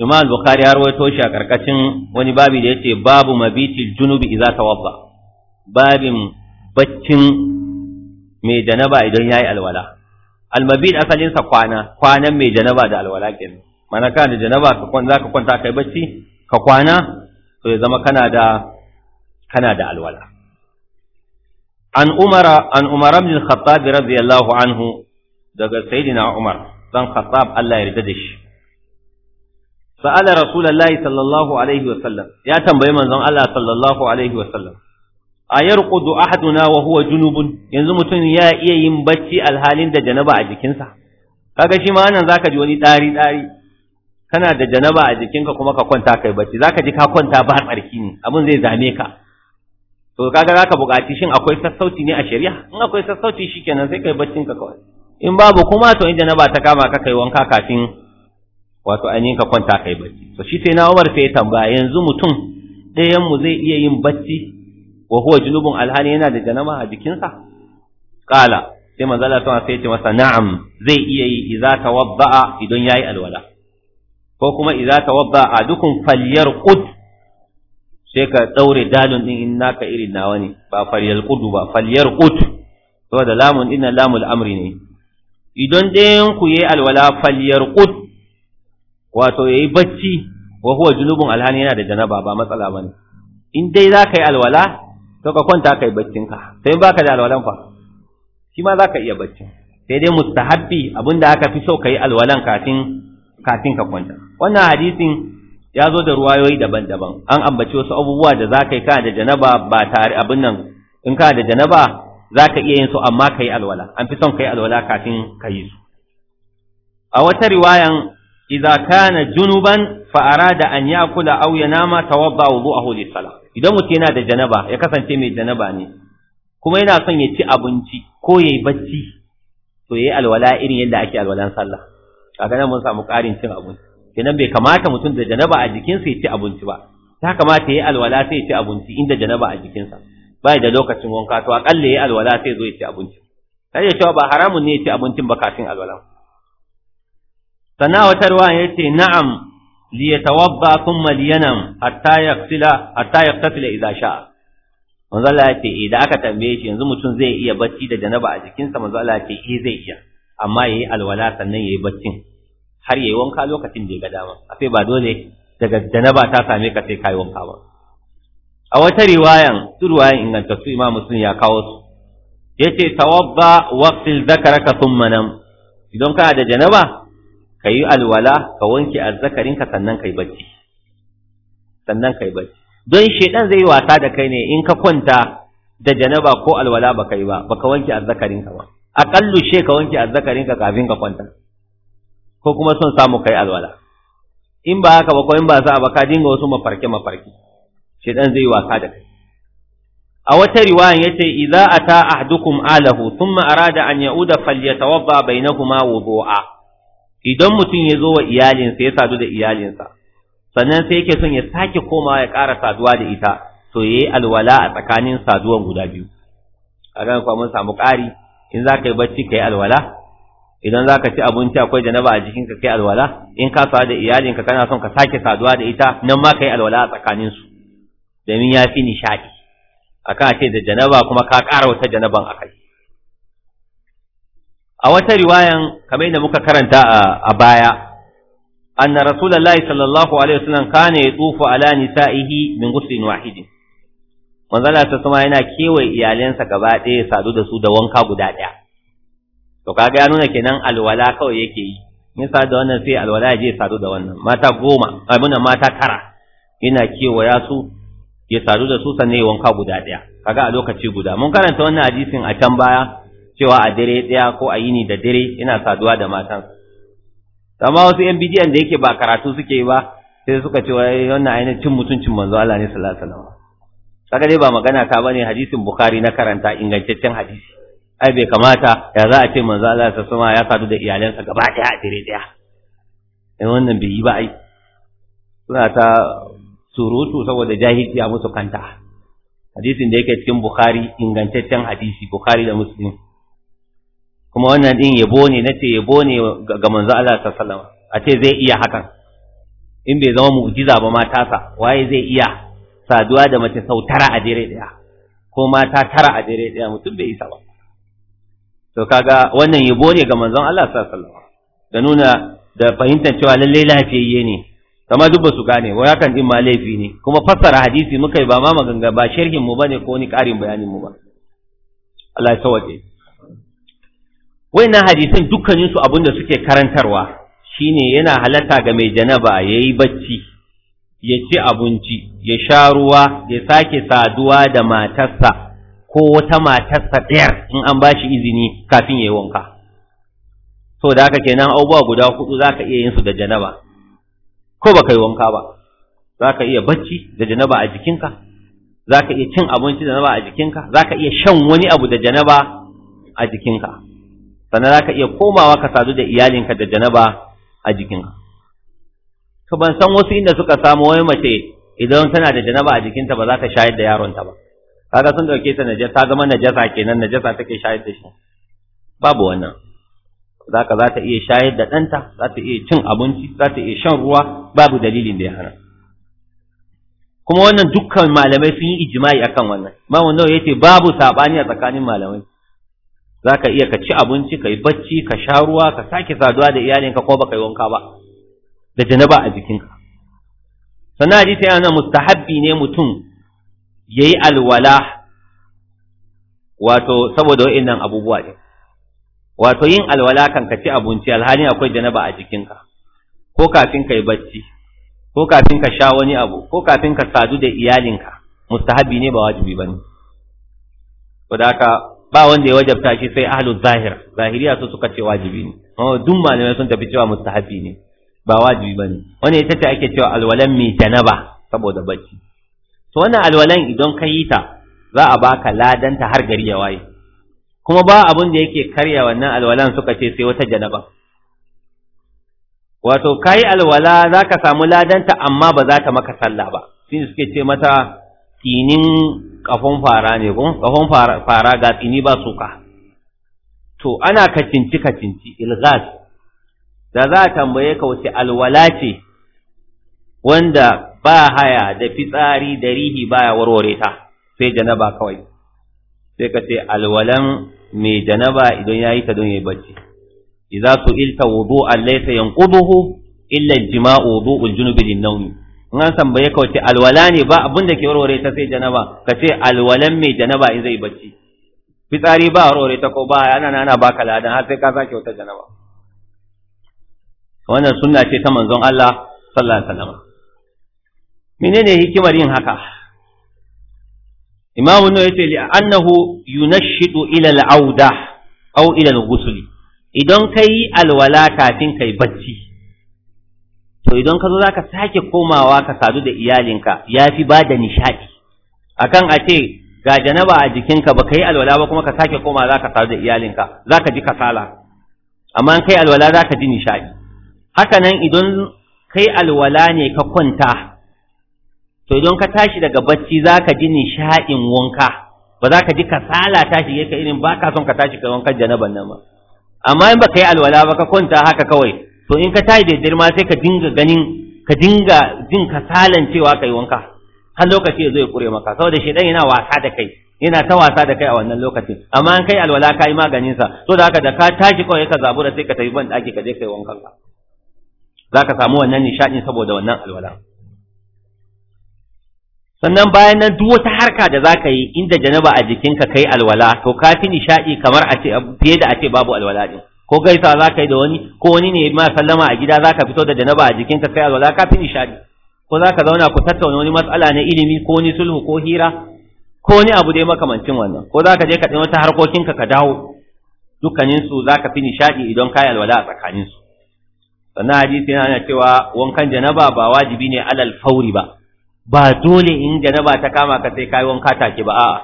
Imam Bukhari ya rawaito shi a karkashin wani babi da yace babu mabiti junubi idza tawadda babin baccin mai janaba idan yayi alwala da asalinsa kwana kwanan mai janaba da alwala mana kana da janaba ka kwanta zaka kwanta kai bacci ka kwana to ya zama kana da kana da alwala an umara an umara ibn khattab radiyallahu anhu daga sayyidina umar dan khattab Allah ya yarda da shi sa'ala rasulullahi sallallahu alaihi wa sallam ya tambayi manzon Allah sallallahu alaihi wa sallam a yarqudu ahaduna wa huwa junubun yanzu mutum ya iya yin bacci alhalin da janaba a jikinsa kaga shi ma nan zaka ji wani dari dari kana da janaba a jikinka kuma ka kwanta kai bacci zaka ji ka kwanta ba tsarki ne abin zai zame ka to kaga zaka buƙaci shin akwai sassauci ne a shari'a in akwai sassauci shikenan sai kai baccin ka kawai in babu kuma to in janaba ta kama ka kai wanka kafin wato ainihin ka kwanta kai bacci to shi sai na Umar sai ya tambaya yanzu mutum ɗayan mu zai iya yin bacci wa huwa junubun yana da janama a jikinsa qala sai manzo Allah ta sai ce masa na'am zai iya yi idza tawabba'a idan yayi alwala ko kuma idza tawabba'a dukun falyarqud sai ka daure dalun din in naka irin nawa ne ba falyarqud ba falyarqud saboda lamun din lamul amri ne idan dayan ku yayi alwala falyarqud wato yayi bacci wa huwa junubun alhani yana da janaba ba matsala bane in dai za ka yi alwala to ka kwanta kai baccin ka sai baka da alwalan fa shi ma zaka iya bacci sai dai mustahabbi abinda aka fi so kai alwalan kafin kafin ka kwanta wannan hadisin ya zo da ruwayoyi daban-daban an ambaci wasu abubuwa da za ka yi kana da janaba ba tare abin nan in kana da janaba za ka iya yin su amma ka yi alwala an fi son ka yi alwala kafin ka yi su a wata riwayan idza kana junuban fa arada an yakula aw yanama tawadda wudu'ahu lis-salah idan mutum yana da janaba ya kasance mai janaba ne kuma yana son ya ci abinci ko ya yi bacci to ya yi alwala irin yadda ake alwalan sallah kaga nan mun samu ƙarin cin abinci kenan bai kamata mutum da janaba a jikinsa ya ci abinci ba ta kamata ya yi alwala sai ya ci abinci inda janaba a jikinsa bai da lokacin wanka to akalla ya yi alwala sai zo ya ci abinci sai ya cewa ba haramun ne ya ci abincin ba kafin alwalan sannan wata ruwa ya ce na'am liyatawabba thumma liyanam hatta yaghsila hatta yaghtasila idza sha'a manzo Allah ya idan eh, aka tambaye shi yanzu mutum zai iya bacci da janaba a sa manzo Allah ya ce eh zai iya amma yayi alwala sannan yayi baccin har yayi wanka lokacin da ya ga dama sai ba dole daga janaba ta same ka sai kai wanka ba a wata riwayan su riwayan su imam muslim ya kawo su yace tawabba waqtil zakaraka thumma nam idan kana da janaba ka yi alwala ka wanke azzakarinka sannan ka yi bacci sannan ka yi bacci don shaidan zai yi wasa da kai ne in ka kwanta da janaba ko alwala ba kai ba baka wanke azzakarinka ba aqallu she ka wanke azzakarinka kafin ka kwanta ko kuma son samu kai alwala in ba haka ba ko in ba sa ba ka dinga wasu mafarki mafarki shaidan zai yi wasa da kai a wata riwayan yace idza ata ahdukum alahu thumma arada an yauda falyatawadda bainahuma wudu'a idan mutum ya zo wa iyalinsa ya sadu da iyalinsa sannan sai yake son ya sake komawa ya ƙara saduwa da ita to ya yi alwala a tsakanin saduwan guda biyu a ran kuwa mun samu ƙari in za ka yi bacci ka yi alwala idan za ka ci abinci akwai janaba a jikinka kai alwala in ka sadu da iyalinka kana son ka sake saduwa da ita nan ma ka yi alwala a tsakaninsu domin ya fi nishaɗi akan a ce da janaba kuma ka ƙara wata janaban a kai a wata riwayan kamar da muka karanta a baya anna rasulullahi sallallahu alaihi wasallam kana yatufu ala nisa'ihi min ghuslin wahidin manzala ta kuma yana kewa iyalansa gaba ɗaya sadu da su da wanka guda ɗaya to kaga ya nuna kenan alwala kawai yake yi in sadu da wannan sai alwala ya je sadu da wannan mata goma abinan mata tara yana kewaya su ya sadu da su sannan ya wanka guda ɗaya kaga a lokaci guda mun karanta wannan hadisin a can baya cewa a dare ɗaya ko a yini da dare yana saduwa da matan amma wasu yan bidiyan da yake ba karatu suke ba sai suka ce wai wannan ainihin cin mutuncin manzo Allah ne sallallahu alaihi wasallam kaga dai ba magana ta bane hadisin bukhari na karanta ingantaccen hadisi ai bai kamata ya za a ce manzo Allah ta sama ya sadu da iyalansa gaba ɗaya a dire ɗaya. eh wannan bai yi ba ai suna ta surutu saboda jahilci musu kanta hadisin da yake cikin bukhari ingantaccen hadisi bukhari da muslim kuma wannan din yabo ne na ce yabo ne ga manzo Allah sallallahu alaihi wasallam a ce zai iya hakan in bai zama mu'jiza ba ma sa waye zai iya saduwa da mace sau tara a jere daya ko mata tara a jere daya mutum bai isa ba to kaga wannan yabo ne ga manzon Allah sallallahu alaihi wasallam da nuna da fahimtar cewa lalle lafiyayye ne kama duk su gane wa hakan din ma laifi ne kuma fassara hadisi muka yi ba ma maganga ba sharhin mu bane ko ni karin bayanin mu ba Allah ya sauke wayannan hadisan dukkanin su abinda suke karantarwa shine yana halatta ga mai janaba yayi bacci ya ci abinci ya sha ruwa ya sake saduwa da matarsa ko wata matarsa ɗayar in an bashi izini kafin yayi wanka so da haka kenan abubuwa guda hudu zaka iya yin su da janaba ko baka yi wanka ba zaka iya bacci da janaba a jikinka zaka iya cin abinci da janaba a jikinka zaka iya shan wani abu da janaba a jikinka sannan za ka iya komawa ka sadu da iyalinka da janaba a jikinka to ban san wasu inda suka samu wani mace idan tana da janaba a jikinta ba za ta shayar da yaronta ba kaga sun dauke ta najasa ta zama najasa kenan najasa take shayar da shi babu wannan za ka za ta iya shayar da ɗanta za ta iya cin abinci za ta iya shan ruwa babu dalilin da ya hana kuma wannan dukkan malamai sun yi ijma'i akan wannan nawa ya ce babu saɓani a tsakanin malamai za ka iya ka ci abinci ka yi bacci ka sha ruwa ka sake saduwa da iyalinka ko baka yi wanka ba da janaba a jikinka sannan hadisi yana mustahabbi ne mutum ya yi alwala wato saboda wa'annan abubuwa ne wato yin alwala kan ka ci abinci alhali akwai janaba a jikinka ko kafin ka yi bacci ko kafin ka sha wani abu ko kafin ka sadu da iyalinka mustahabbi ne ba wajibi ba ne. haka ba wanda ya wajabta shi sai ahlu zahir zahiriya su suka ce wajibi ne amma duk malamai sun tafi cewa mustahabi ne ba wajibi bane Wani ita ce ake cewa alwalan mai janaba saboda bacci to wannan alwalan idan ka yi ta za a baka ladanta har gari ya waye kuma ba abun da yake karya wannan alwalan suka ce sai wata janaba wato kai alwala zaka samu ladanta amma ba za ta maka sallah ba shi suke ce mata kinin kafon fara ne ko kafon fara ga tsini ba suka to ana kacinci kacinci ilgas da za a tambaye ka wace alwala ce wanda ba haya da fitsari da rihi baya warware ta sai janaba kawai sai ka ce alwalan mai janaba idan yayi ta don yayi bacci idza su'ilta wudu'an laysa yanquduhu illa jimau wudu'ul junubi lin-nawm in an tambaye ka wace alwala ne ba abin da ke warware ta sai janaba ka ce alwalan mai janaba in zai bacci fitsari ba warware ta ko ba ana nana baka ladan har sai ka sake wata janaba wannan sunna ce ta manzon Allah sallallahu alaihi wasallam menene hikimar yin haka imamu no yace li annahu yunashidu ila al-auda aw ila al-ghusl idan kai alwala kafin kai bacci to idan ka zo za ka sake komawa ka sadu da iyalinka ya fi ba da nishaɗi akan a ce ga janaba a jikinka ba ka yi alwala ba kuma ka sake koma za ka sadu da iyalinka za ka ji kasala amma an kai alwala za ka ji nishaɗi haka nan idan kai alwala ne ka kwanta to idan ka tashi daga bacci za ka ji nishaɗin wanka ba za ka ji kasala ta shige ka irin ba ka son ka tashi ka wankan janaban nan ba amma in ba ka yi alwala ba ka kwanta haka kawai to in ka tayi da ma sai ka dinga ganin ka dinga jin kasalan cewa kai wanka har lokaci ya zo ya kure maka saboda shedan yana wasa da kai yana ta wasa da kai a wannan lokacin amma in kai alwala kai maganin sa to da haka da ka tashi kawai ka zabura sai ka tafi ban daki ka je kai wankan ka zaka samu wannan nishadin saboda wannan alwala sannan bayan nan duk wata harka da za ka yi inda janaba a jikinka kai alwala to ka fi nishaɗi kamar a ce fiye da a ce babu alwala din ko gaisa za ka yi da wani ko wani ne ma sallama a gida za ka fito da janaba a jikinka kai alwala ka fi nishadi ko za ka zauna ku tattauna wani matsala na ilimi ko ni sulhu ko hira ko wani abu dai makamancin wannan ko za ka je ka tsaya wata harkokinka ka dawo dukkanin su za ka fi nishadi idan ka yi alwala a tsakanin su sannan hadisi yana cewa wankan janaba ba wajibi ne alal fauri ba ba dole in janaba ta kama ka sai kayi wanka take ba a'a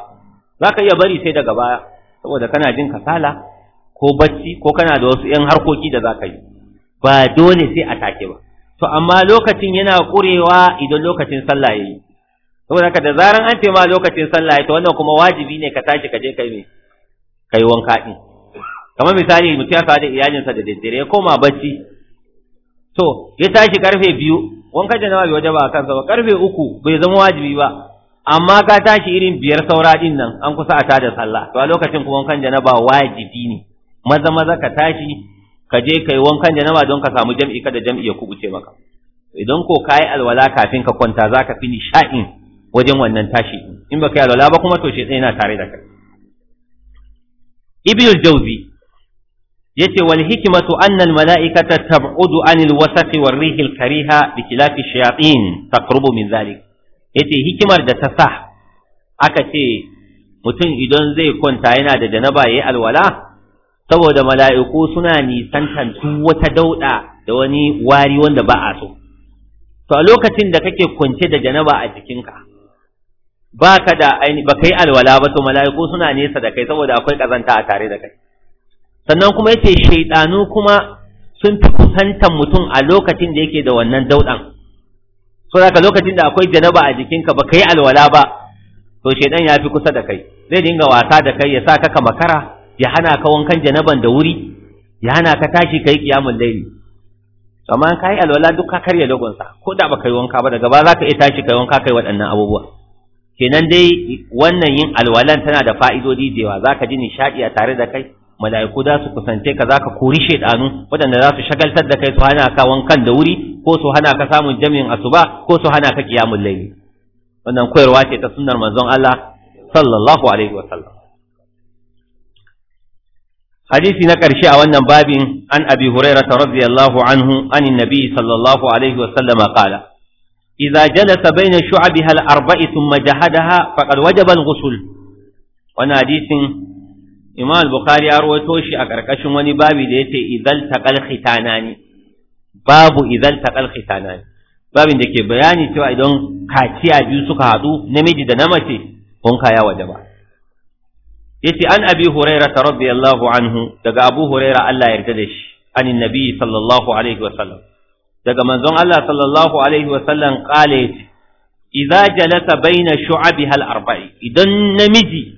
za ka iya bari sai daga baya saboda kana jin kasala ko bacci ko kana da wasu ‘yan harkoki da za ka yi ba dole sai a take ba to amma lokacin yana ƙurewa idan lokacin sallah ya yi saboda haka da zaran an taimaka lokacin sallah ya to wannan kuma wajibi ne ka tashi ka je kai me kai wanka din kamar misali mutum ya da iyalinsa da daddare ya koma bacci to ya tashi karfe biyu wanka da nawa bai wajaba ba a kansa ba karfe uku bai zama wajibi ba amma ka tashi irin biyar saura din nan an kusa a tada sallah to a lokacin kuma wankan janaba wajibi ne maza maza ka tashi ka je kai wankan janaba don ka samu jam'i kada jam'i ya kubuce maka idan ko kai alwala kafin ka kwanta zaka fi nisha'in wajen wannan tashi in baka yi alwala ba kuma to shi yana tare da kai ibnu jawzi yace wal hikmatu anna al mala'ikata tab'udu anil wasaqi war rihil kariha bi khilafi shayatin taqrubu min zalik yace hikimar da ta sa aka ce mutum idan zai kwanta yana da janaba yayi alwala saboda mala'iku suna nisantan wata dauɗa da wani wari wanda ba a so to a lokacin da kake kunce da janaba a jikinka baka da ba kai alwala ba to mala'iku suna nesa da kai saboda akwai kazanta a tare da kai sannan kuma yace shaydanu kuma sun fi kusantar mutum a lokacin da yake da wannan dauɗan so ka lokacin da akwai janaba a jikinka ba kai alwala ba to shaidan ya fi kusa da kai zai dinga wasa da kai ya sa ka makara ya hana ka wankan janaban da wuri ya hana ka tashi kai kiyamul laili amma ka yi alwala duk ka karya dogonsa ko da baka yi wanka ba daga ba za ka iya tashi kai wanka kai waɗannan abubuwa kenan dai wannan yin alwalan tana da fa'idodi da yawa za ji nishaɗi a tare da kai mala'iku za su kusance ka zaka ka kori shaidanu waɗanda za su shagaltar da kai su hana ka wankan da wuri ko su hana ka samun jami'in asuba ko su hana ka kiyamul laili wannan koyarwa ce ta sunnar manzon Allah sallallahu alaihi wa sallam hadisi na ƙarshe a wannan babin an abi hurairah radiyallahu anhu an annabi sallallahu alaihi wa sallam qala idza jalasa baina shu'abiha al-arba'i thumma jahadaha faqad wajaba al-ghusl wannan hadisin Imam al-Bukhari ya rawaito shi a ƙarƙashin wani babi da yace idzal taqal khitanani babu idzal taqal khitanani babin da ke bayani cewa idan kaciya biyu suka haɗu namiji da na mace wanka ya wajaba yace an abi huraira radiyallahu anhu daga abu huraira Allah ya yarda da shi anin nabi sallallahu alaihi wasallam daga manzon Allah sallallahu alaihi wasallam qale idza jalasa baina shu'abiha al-arba'i idan namiji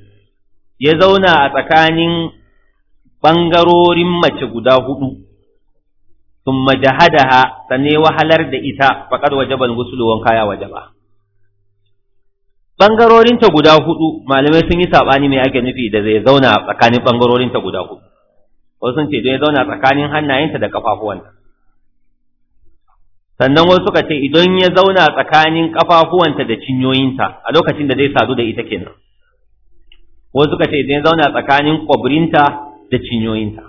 ya zauna a tsakanin bangarorin mace guda hudu thumma jahadaha sanne wahalar da ita faqad wajaba al-ghusl wanka ya wajaba bangarorinta guda hudu malamai sun yi sabani mai ake nufi da zai zauna tsakanin bangarorinta guda hudu wasu sun ce zai zauna tsakanin hannayenta da kafafuwanta sannan wasu suka ce idan ya zauna tsakanin kafafuwanta da cinyoyinta a lokacin da zai sadu da ita kenan wasu suka ce idan ya zauna tsakanin kwabrinta da cinyoyinta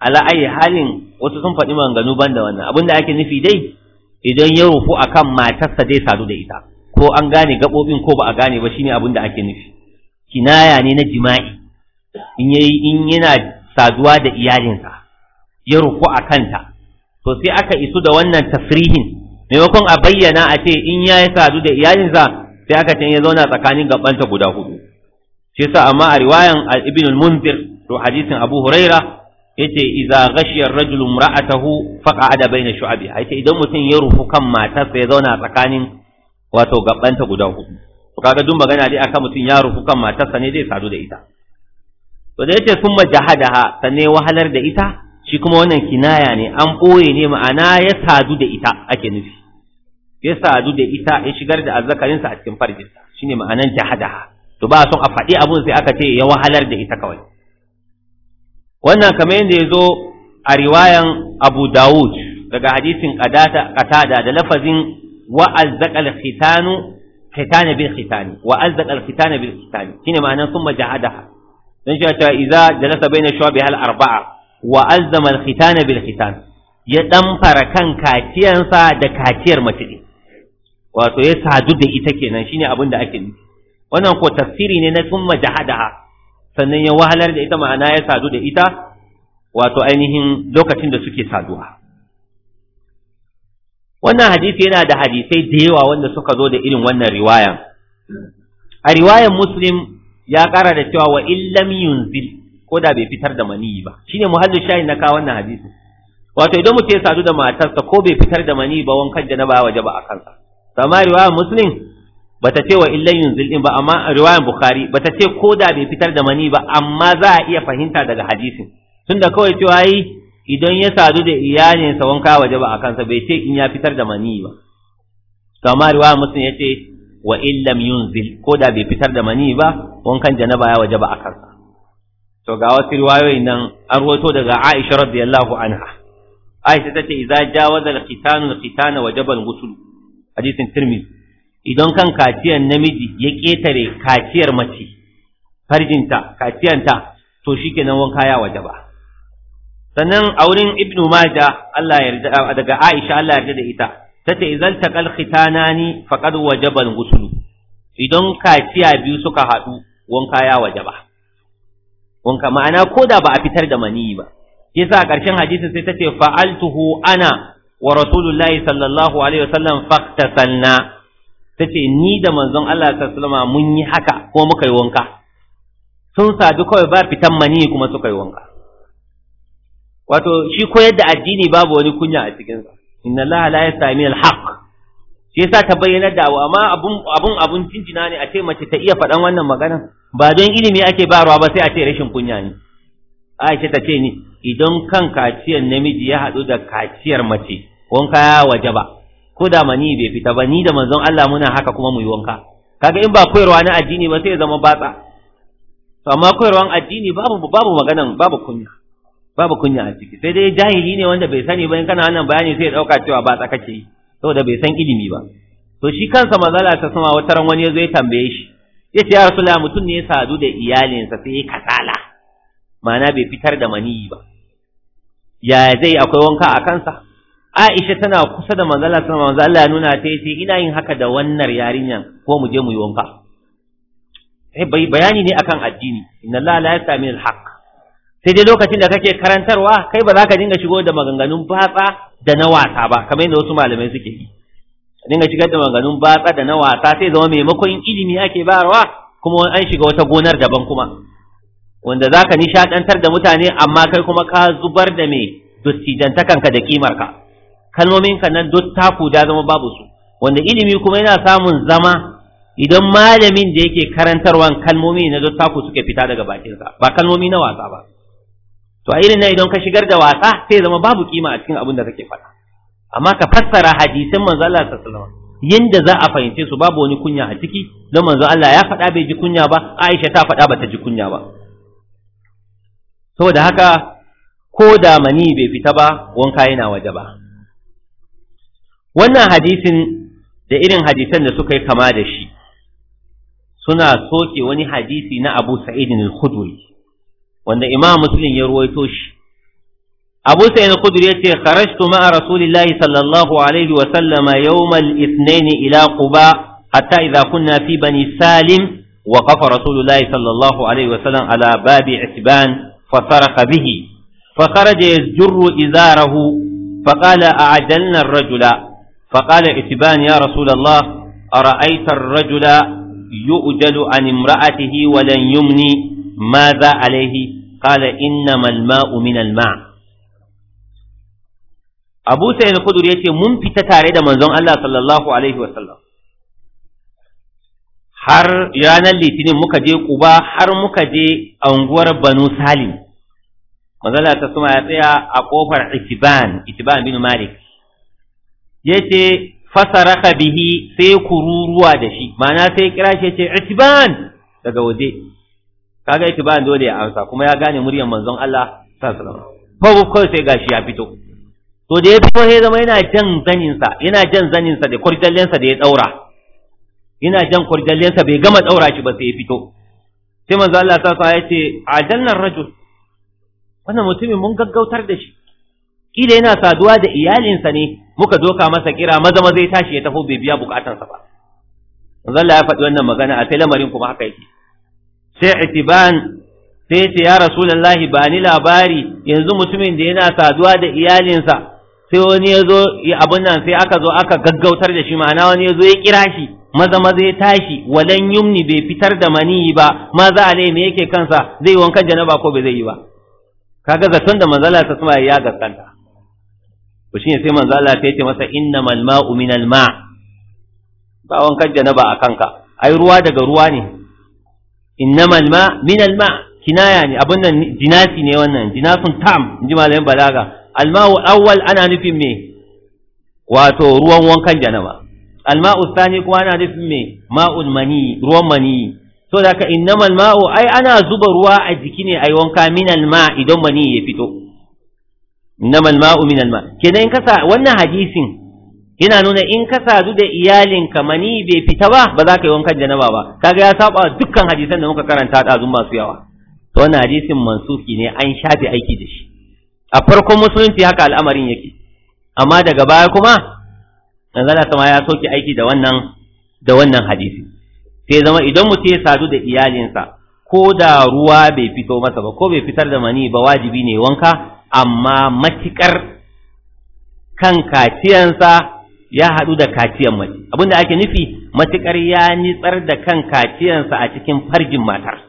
ala ayi halin wasu sun faɗi maganganu ban da wannan abin da ake nufi dai idan ya rufu akan matarsa zai sadu da ita ko an gane gaɓoɓin ko ba a gane ba shine abin da ake nufi kinaya ne na jima'i in yayi in yana saduwa da iyalinsa ya ruku a kanta to sai aka isu da wannan tasrihin maimakon a bayyana a ce in ya sadu da iyalinsa sai aka can ya zauna tsakanin gabanta guda hudu shi yasa amma a riwayan ibn al-munzir to hadisin abu huraira yace idza ghashiya ar-rajulu imra'atahu faqa'ada bayna shu'abi yace idan mutum ya rufu kan matarsa ya zauna tsakanin wato gabanta guda hudu to kaga duk magana dai akan mutum ya rufu kan matarsa ne zai sadu da ita to da yace summa jahadaha sanne wahalar da ita shi kuma wannan kinaya ne an boye ne ma'ana ya sadu da ita ake nufi ya sadu da ita ya shigar da azzakarinsa a cikin farjinsa shine ma'anan jahadaha to ba son a faɗi abun sai aka ce ya wahalar da ita kawai wannan kamar yadda ya zo a riwayan abu dawud daga hadisin qatada da lafazin wa azzaqal khitanu khitana bil khitani wa azzaqal na bil khitani shine ma'anar summa jahadaha dan shi ta idza jalasa baina shu'abi arba'a wa azzama al khitana bil khitan ya dan fara kan kaciyansa da kaciyar mace wato ya sadu ita kenan shine abin ake nufi wannan ko tafsiri ne na summa jahadaha sannan ya wahalar da ita ma'ana ya sadu da ita wato ainihin lokacin da suke saduwa wannan hadisi yana da hadisai da yawa wanda suka zo da irin wannan riwayan a riwayan muslim ya kara da cewa wa illam yunzil ko da bai fitar da maniyi ba shine muhallu shayin na kawo wannan hadisi wato idan mutum ya sadu da matarsa ko bai fitar da maniyi ba wankan da na ba waje ba a kansa amma riwayan muslim bata ce wa illan yunzil din ba amma riwayan bukhari bata ce ko da bai fitar da mani ba amma za a iya fahimta daga hadisin tunda kawai cewa yi idan ya sadu da iyalinsa wanka waje ba a kansa bai ce in ya fitar da mani ba kamar musu ya ce, wa illam yunzil ko da bai fitar da mani ba wankan janaba ya waje ba a kansa to ga wasu riwayoyi nan an ruwato daga Aisha radiyallahu anha Aisha tace idza jawaza al qitanu al-khitana wajaba al-ghusl hadithin Tirmidhi idan kan kaciyar namiji ya ketare kaciyar mace farjinta kaciyanta to shikenan wanka ya waje ba. sannan a wurin ibnu maja Allah ya yarda daga Aisha Allah ya yarda da ita tace idan taqal khitanani faqad wajaba ghusl idan kaciya biyu suka hadu wanka ya wajaba wanka ma'ana koda ba a fitar da mani ba yasa a ƙarshen hadisin sai tace fa'altuhu ana wa rasulullahi sallallahu alaihi wasallam Ta tace ni da manzon Allah sallallahu alaihi wasallam mun yi haka ko muka yi wanka sun sadu kawai ba fitan mani kuma suka yi wanka wato shi koyar da addini babu wani kunya a cikin sa inna allaha la al haqq shi yasa ta bayyana da amma abun abun abun tinjina ne a ce mace ta iya faɗan wannan magana ba don ilimi ake barwa ba sai a ce rashin kunya ne Aisha ta ce ni idan kan kaciyar namiji ya haɗu da kaciyar mace wanka ya waje ba ko da mani bai fita ba ni da manzon Allah muna haka kuma mu yi wanka kaga in ba koyarwa na addini ba sai ya zama batsa to amma koyarwan addini babu babu maganan babu kunya babu kunya a ciki sai dai jahili ne wanda bai sani ba in kana wannan bayani sai ya dauka cewa ba tsaka yi, saboda bai san ilimi ba to shi kansa mazala ta sama wata ran wani yazo ya tambaye shi ya ce ya rasulullah mutum ne ya sadu da iyalinsa sai ya kasala ma'ana bai fitar da maniyi ba ya zai akwai wanka a kansa Aisha tana kusa da manzala sama manzala ya nuna ta yace ina yin haka da wannan yarinyan ko mu je mu yi wanka eh bayani ne akan addini inna la la yastami al haqq sai dai lokacin da kake karantarwa kai ba za ka dinga shigo da maganganun batsa da na wasa ba kamar yadda wasu malamai suke yi dinga shigar da maganganun batsa da na wasa sai zama maimakon ilimi ake bayarwa kuma an shiga wata gonar daban kuma wanda za ka nishaɗantar da mutane amma kai kuma ka zubar da mai dattijantakanka da kimarka kalmominka nan duk da zama babu su wanda ilimi kuma yana samun zama idan malamin da yake karantarwa kalmomi na duk suke fita daga bakinsa ba kalmomi na wasa ba to a irin nan idan ka shigar da wasa sai zama babu kima a cikin abin da kake faɗa amma ka fassara hadisin manzo Allah sallallahu alaihi wasallam yanda za a fahimce su babu wani kunya a ciki dan manzo Allah ya faɗa bai ji kunya ba Aisha ta faɗa bata ji kunya ba saboda haka ko da mani bai fita ba wanka yana waje ba wannan hadisin da irin hadisan da suka yi kama da shi suna soke wani hadisi na Abu Sa'id al-Khudri wanda imam muslim ya ruwaito shi abu sa'id al-khudri yace kharajtu ma'a rasulillahi sallallahu alaihi wa sallama yawm al-ithnain ila quba hatta idha kunna fi bani salim wa sallallahu alaihi sallam ala babi صلى fa عليه bihi fa kharaja عتبان فصرخ fa qala يزجر ar-rajula fa qala فقال ya rasulullah ara'aita ar-rajula الرجل an imra'atihi wa lan yumni ماذا za alaihi qala الماء من الماء al ma' Abu يتي من في yace mun fita tare da manzon Allah sallallahu har ranar litinin muka je kuba har muka je anguwar Banu Salim manzon ta suma ya tsaya a kofar Itiban Itiban bin Malik yace raka bihi sai kururuwa da shi ma'ana sai kira shi yace Itiban daga waje kaga ba dole ya amsa kuma ya gane muryar manzon Allah sallallahu alaihi wasallam ko sai gashi ya fito to da ya fito sai zama yana jan zanin sa yana jan zanin sa da kurdallen sa da ya daura yana jan kurdallen sa bai gama daura shi ba sai ya fito sai manzon Allah sallallahu alaihi wasallam yace ce ajalnar rajul wannan mutumin mun gaggautar da shi kila yana saduwa da iyalinsa ne muka doka masa kira maza maza ya tashi ya tafi bai biya bukatansa ba manzo Allah ya faɗi wannan magana a sai lamarin kuma haka yake sai itiban sai ce ya rasulullahi ba ni labari yanzu mutumin da yana saduwa da iyalinsa sai wani ya zo abin nan sai aka zo aka gaggautar da shi ma'ana wani ya zo ya kira shi maza maza ya tashi walan yumni bai fitar da mani ba maza a me yake kansa zai wanka janaba ko bai zai yi ba kaga zaton da manzala ta kuma ya gaskanta ko shine sai manzala ta yace masa innamal ma'u minal ma' ba wankan janaba a kanka ai ruwa daga ruwa ne innamal ma minal ma kinaya ne abin nan jinasi ne wannan jinasun tam in ji malamin balaga alma'u awwal ana nufin me wato ruwan wankan janaba alma'u thani kuma ana nufin me ma'un mani ruwan mani to da ka innamal ma'u ai ana zuba ruwa a jiki ne ai wanka minal ma idan mani ya fito innamal ma'u minal ma kenan kasa wannan hadisin yana nuna in ka sadu da iyalinka mani bai fita ba ba za ka yi wankan janaba ba kaga ya saba dukkan hadisan da muka karanta da azun masu yawa to wannan hadisin mansuki ne an shafe aiki da shi a farkon musulunci haka al'amarin yake amma daga baya kuma manzala sama ya soke aiki da wannan da wannan hadisi sai zama idan mutum ya sadu da iyalinsa ko da ruwa bai fito masa ba ko bai fitar da mani ba wajibi ne wanka amma matikar kan kaciyansa ya haɗu da kaciyan mace abinda ake nufi matuƙar ya nitsar da kan kaciyansa a cikin farjin matar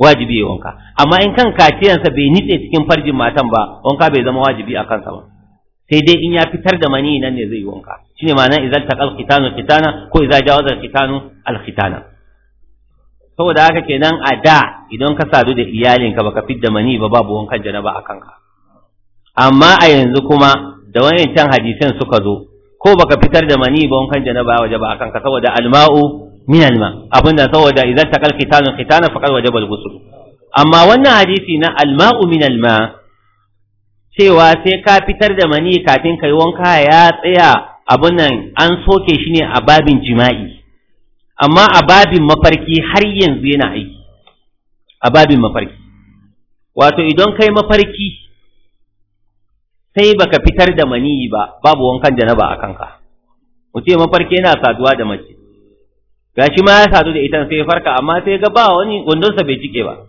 wajibi ya wanka amma in kan kaciyansa bai nitse cikin farjin matan ba wanka bai zama wajibi a kansa ba sai dai in ya fitar da mani nan ne zai yi wanka shine ma'ana idan taqal khitanu kitana ko idan al khitanu al kitana saboda haka kenan a da idan ka sadu da iyalinka baka da mani ba babu wankan janaba a kanka amma a yanzu kuma da wayancan hadisan suka zo ko baka fitar da mani ba wankan janaba waje ba akan ka saboda alma'u min alma abinda saboda idan taqal qitanu qitana faqad wajaba al amma wannan hadisi na alma'u min alma cewa sai ka fitar da mani kafin kai wanka ya tsaya abun nan an soke shi ne a babin jima'i amma a babin mafarki har yanzu yana aiki a babin mafarki wato idan kai mafarki sai baka fitar da maniyi ba babu wankan janaba a kanka mutum mafarki yana saduwa da mace gashi ma ya sadu da ita sai ya farka amma sai ga ba wani gondonsa bai jike ba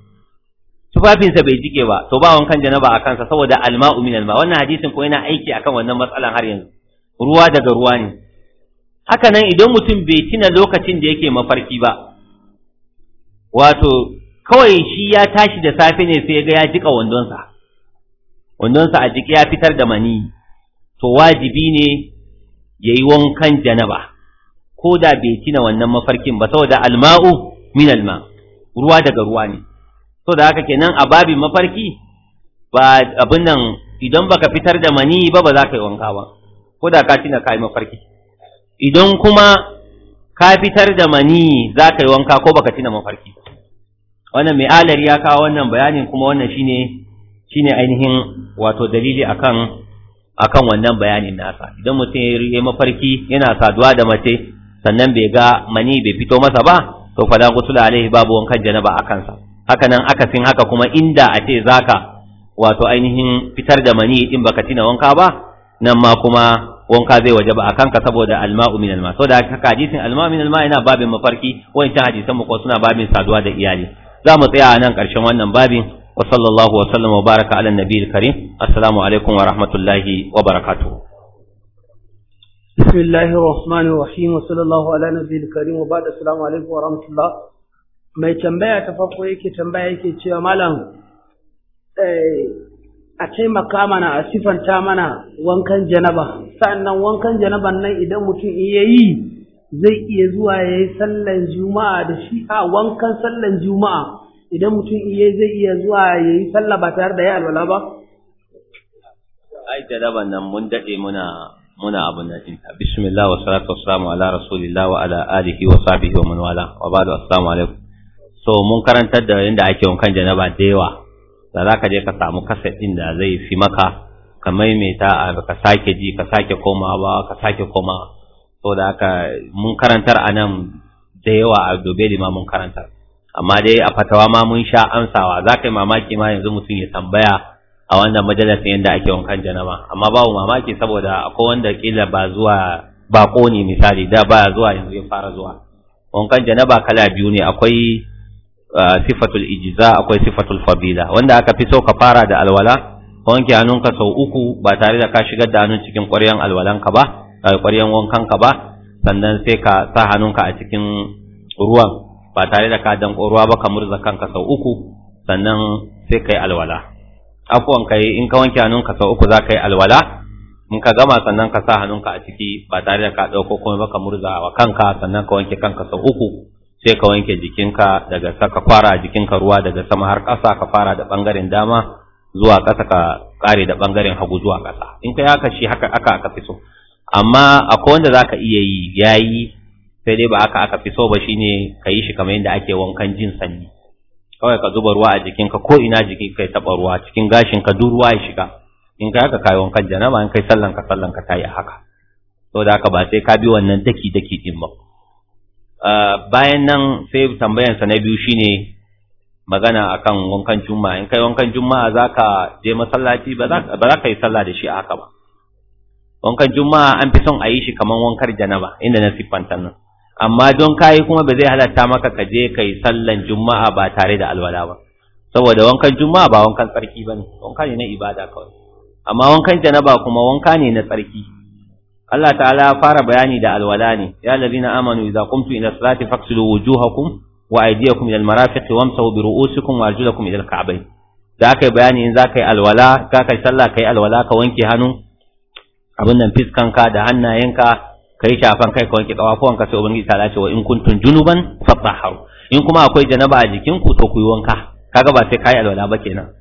tufafinsa bai jike ba to ba wankan janaba a kansa saboda alma'u min alma wannan hadisin ko yana aiki akan wannan matsalan har yanzu ruwa daga ruwa ne haka nan idan mutum bai tina lokacin da yake mafarki ba wato kawai shi ya tashi da safe ne sai ya ga ya jika wandonsa wandonsa a jiki ya fitar da mani to wajibi ne ya yi wankan janaba ko da bai tina wannan mafarkin ba saboda alma'u min alma ruwa daga ruwa ne saboda haka kenan a babin mafarki ba abin nan idan baka fitar da mani ba ba za ka yi wanka ba ko da ka tina ka yi mafarki idan kuma ka fitar da mani za ka yi wanka ko baka tina mafarki wannan mai alari ya kawo wannan bayanin kuma wannan shine ne ainihin wato dalili akan akan wannan bayanin nasa idan mutum ya mafarki yana saduwa da mace sannan bai ga mani bai fito masa ba to fa dan gusula alaihi babu wankan janaba a kansa haka nan sin haka kuma inda a ce zaka wato ainihin fitar da mani in baka tina wanka ba nan ma kuma wanka zai ba a kanka saboda alma'u ma so da haka hadisin alma'u minal ma yana babin mafarki wancan hadisan mu ko suna babin saduwa da iyali za mu tsaya a nan ƙarshen wannan babin وصلى الله وسلم وبارك على النبي الكريم السلام عليكم ورحمة الله وبركاته بسم الله الرحمن الرحيم وصلى الله على النبي الكريم وبعد السلام عليكم ورحمة الله mai tambaya ta farko yake tambaya yake cewa malam eh, a taimaka mana a sifanta mana wankan janaba sannan wankan janaban nan idan mutum iya yi zai iya zuwa ya yi sallan juma'a da shi a wankan sallan juma'a idan mutum iya zai iya zuwa ya yi sallah ba tare da ya alwala ba? Ai, jaraba nan mun daɗe muna muna abin da jinta. Bismillah wa salatu wa salamu ala rasulillah wa ala alihi wa sahbihi wa man wala wa ba'du assalamu alaikum. So mun karantar da yadda ake wankan janaba da yawa. Da za ka je ka samu kaset ɗin da zai fi maka ka maimaita ka sake ji ka sake komawa ka sake koma. So da haka mun karantar a nan da yawa a dobe ma mun karantar. amma dai a fatawa ma mun sha amsawa za ka yi mamaki ma yanzu mutum ya tambaya a wannan majalisin yadda ake wankan janaba amma babu mamaki saboda akwai wanda kila ba zuwa ba ne misali da ba zuwa yanzu ya fara zuwa wankan janaba kala biyu ne akwai ah, sifatul ijiza akwai sifatul Fabila. wanda aka fi so ka fara da alwala wanke hannunka sau uku ba tare da ka shigar da hannun cikin ƙwaryan alwalanka ba eh, wankan ka ba sannan sai ka sa hannunka a cikin ruwan ba tare da ka danko ruwa ba ka murza kanka sau uku sannan sai kai alwala afuwan kai in ka wanke hannunka sau uku za ka yi alwala in ka gama sannan ka sa hannunka a ciki ba tare da ka ɗauko kuma ba ka murza wa kanka sannan ka wanke kanka sau uku sai ka wanke jikinka daga saka fara jikinka ruwa daga sama har ƙasa ka fara da ɓangaren dama zuwa ƙasa ka ƙare da ɓangaren hagu zuwa ƙasa in kai haka shi haka aka aka fi amma akwai wanda za ka iya yi ya yi sai dai ba aka aka fi so ba shine ka yi shi kamar yadda ake wankan jin sanyi kawai ka zuba ruwa a jikinka ko ina jikin ka taɓa ruwa cikin gashin ka duk ruwa ya shiga in kai haka kai wankan janaba in kai sallan ka sallan ka tayi haka saboda haka ba sai ka bi wannan daki daki din ba ah, bayan nan sai tambayansa na biyu shine magana akan wankan juma'a in kai wankan juma'a ka je masallaci ba za ka yi sallah da shi a haka ba wankan juma'a an fi son a yi shi kaman wankar janaba inda na siffanta nan amma don kayi kuma ba zai halarta maka ka je kai sallan juma'a ba tare da alwala ba saboda wankan juma'a ba wankan tsarki bane wanka ne na ibada kawai amma wankan janaba kuma wanka ne na tsarki Allah ta'ala ya fara bayani da alwala ne ya na amanu idza qumtu ila salati faghsilu wujuhakum wa aydiyakum ila almarafiq wamsahu bi ru'usikum wa arjulakum ila alka'bayn da kai bayani in za kai alwala ka kai sallah kai alwala ka wanke hannu abin nan fiskanka da hannayenka kai shafan kai ka wanke kafafuwan ka sai ubangiji ta ce wa in kuntum junuban fatahharu in kuma akwai janaba a jikin ku to ku yi wanka kaga ba sai kai alwala ba kenan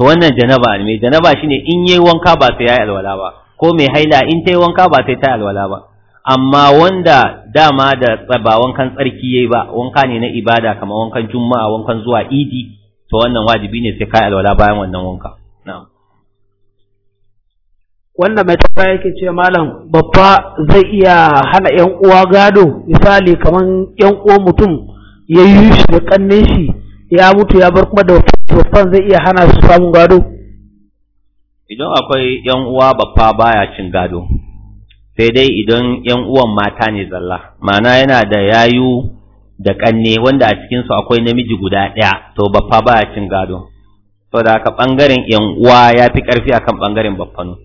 to wannan janaba ne janaba shine in yayi wanka ba sai yayi alwala ba ko mai haila in tayi wanka ba sai ta alwala ba amma wanda dama da ba wankan tsarki yayi ba wanka ne na ibada kamar wankan juma'a wankan zuwa idi to wannan wajibi ne sai kai alwala bayan wannan wanka wanda mai tambaya yake ce malam babba zai iya hana yan uwa gado misali kamar yan uwa mutum ya yi shi da kannin shi ya mutu ya bar kuma da babban zai iya hana su samun gado idan akwai yan uwa babba baya cin gado sai dai idan yan uwan mata ne zalla ma'ana yana da yayu da kanne wanda a cikin su akwai namiji guda ɗaya to babba baya cin gado saboda haka bangaren yan uwa ya fi karfi akan bangaren ne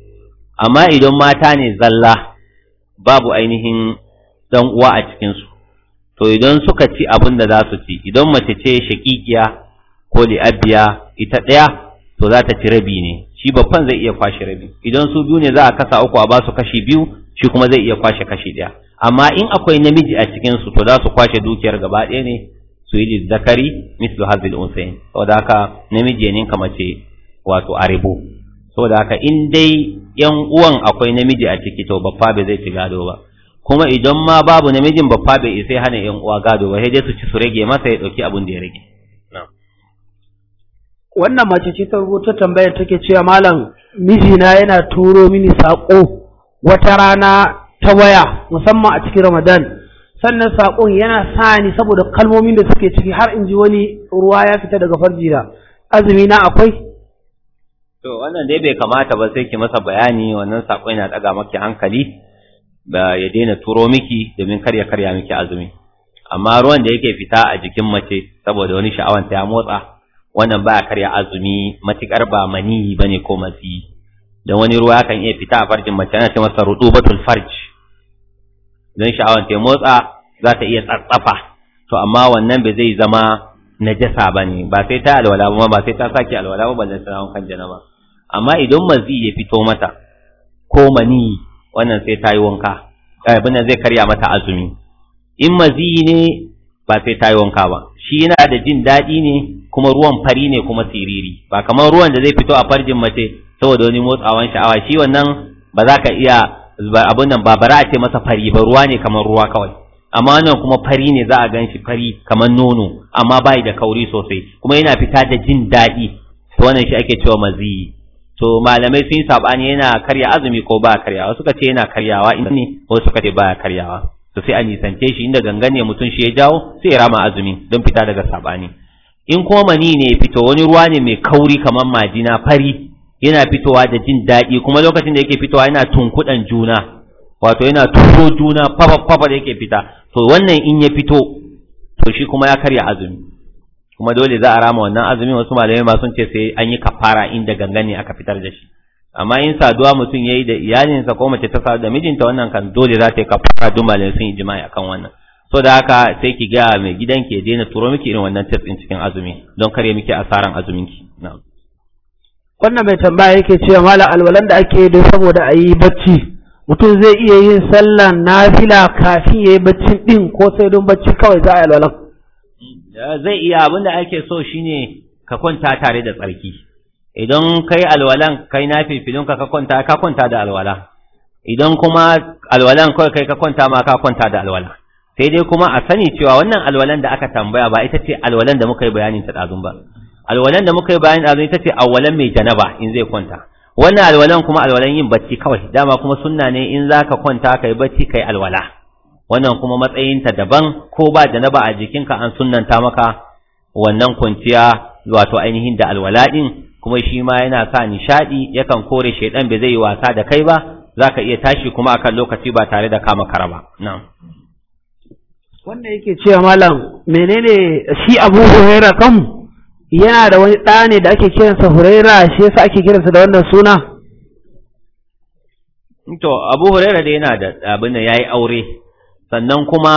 amma idan mata ne zalla babu ainihin dan uwa a cikinsu to idan suka ci abin da za su ci idan mace ce shakikiya ko li'abbiya ita ɗaya to za ta ci rabi ne shi babban zai iya kwashe rabi idan su biyu ne za a kasa uku a ba su kashi biyu shi kuma zai iya kwashe kashi ɗaya amma in akwai namiji a cikinsu to za su kwashe dukiyar gaba ɗaya ne su yi zakari mislu hazil unsayin saboda haka namiji ne kamace wato aribo. saboda haka in dai yan uwan akwai namiji a ciki to baffa bai zai ci gado ba kuma idan ma babu namijin baffa bai isai hana yan uwa gado ba sai dai su ci su rage masa ya dauki abin da ya rage wannan mace ce ta rubuta tambaya take cewa malam mijina yana turo mini sako wata rana ta waya musamman a cikin Ramadan sannan sakon yana sa ni saboda kalmomin da suke ciki har in ji wani ruwa ya fita daga farjina azumi na akwai to wannan dai bai kamata ba sai ki masa bayani wannan sako yana daga maki hankali ba ya daina turo miki domin kar ya karya miki azumi amma ruwan da yake fita a jikin mace saboda wani sha'awan ta ya motsa wannan ba karya azumi matikar ba mani bane ko matsi don wani ruwa kan iya fita a farjin mace ana ce masa batul farj don sha'awan ta motsa za ta iya tsatsafa to amma wannan bai zai zama najasa ba ne ba sai ta alwala ba ba sai ta sake alwala ba balle ta jana ba. amma idan mazi ya fito mata ko mani wannan sai ta yi wanka eh, abin zai karya mata azumi in mazi ne ba sai ta yi wanka ba shi yana da jin daɗi ne kuma ruwan fari ne kuma siriri ba kamar ruwan da zai fito a farjin mace saboda wani motsawan sha'awa shi wannan ba za ka iya abin nan ba bara a ce masa fari ba ruwa ne kamar ruwa kawai amma wannan kuma fari ne za a gan shi fari kamar nono amma bai da kauri sosai kuma yana fita da jin daɗi to wannan shi ake cewa maziyi to malamai sun sabani yana karya azumi ko ba karyawa suka ce yana karyawa in ne ko suka ce ba karyawa to sai a nisance shi inda gangan ne mutum shi ya jawo sai ya rama azumi don fita daga sabani in koma mani ne fito wani ruwa ne mai kauri kamar majina fari yana fitowa da jin daɗi kuma lokacin da yake fitowa yana tunkuɗan juna wato yana turo juna fafafafa da yake fita to wannan in ya fito to shi kuma ya karya azumi kuma dole za a rama wannan azumin wasu malamai ma sun ce sai an yi kafara inda ne aka fitar da shi amma in saduwa mutum ya yi da iyalinsa ko mace ta sadu da mijinta wannan kan dole za ta yi kafara duk malamai sun yi jima'i akan wannan so da haka sai ki ga mai gidan ya daina turo miki irin wannan test din cikin azumi don ya miki asaran azumin ki na'am wannan mai tambaya yake cewa mala alwalan da ake don saboda a yi bacci mutum zai iya yin sallan nafila kafin ya yi baccin din ko sai don bacci kawai za a yi alwalan Eh, zai iya abin da ake so shine ka kwanta tare da tsarki idan kai alwalan kai na filfilin ka kwanta ka kwanta da alwala idan kuma alwalan kawai kai ka kwanta ma ka kwanta da alwala sai dai kuma a sani cewa wannan alwalan da aka tambaya ba ita ce alwalan da muka yi bayanin ta ɗazun ba alwalan da muka yi bayanin ɗazun ita ce alwalan mai janaba in zai kwanta wannan alwalan kuma alwalan yin bacci kawai dama kuma sunna ne in za ka kwanta ka yi bacci ka yi alwala wannan kuma matsayinta daban ko ba janaba a jikinka an sunnanta maka wannan kwanciya wato ainihin da alwala'in kuma shi ma yana sa nishaɗi yakan kore shaidan bai zai yi wasa da kai ba za ka iya tashi kuma akan lokaci ba tare da kama kara ba na'am wanda yake cewa malam menene shi abu huraira kan yana da wani ɗa ne da ake kiransa huraira shi yasa ake kiransa da wannan suna to abu huraira da yana da abin da yayi aure sannan kuma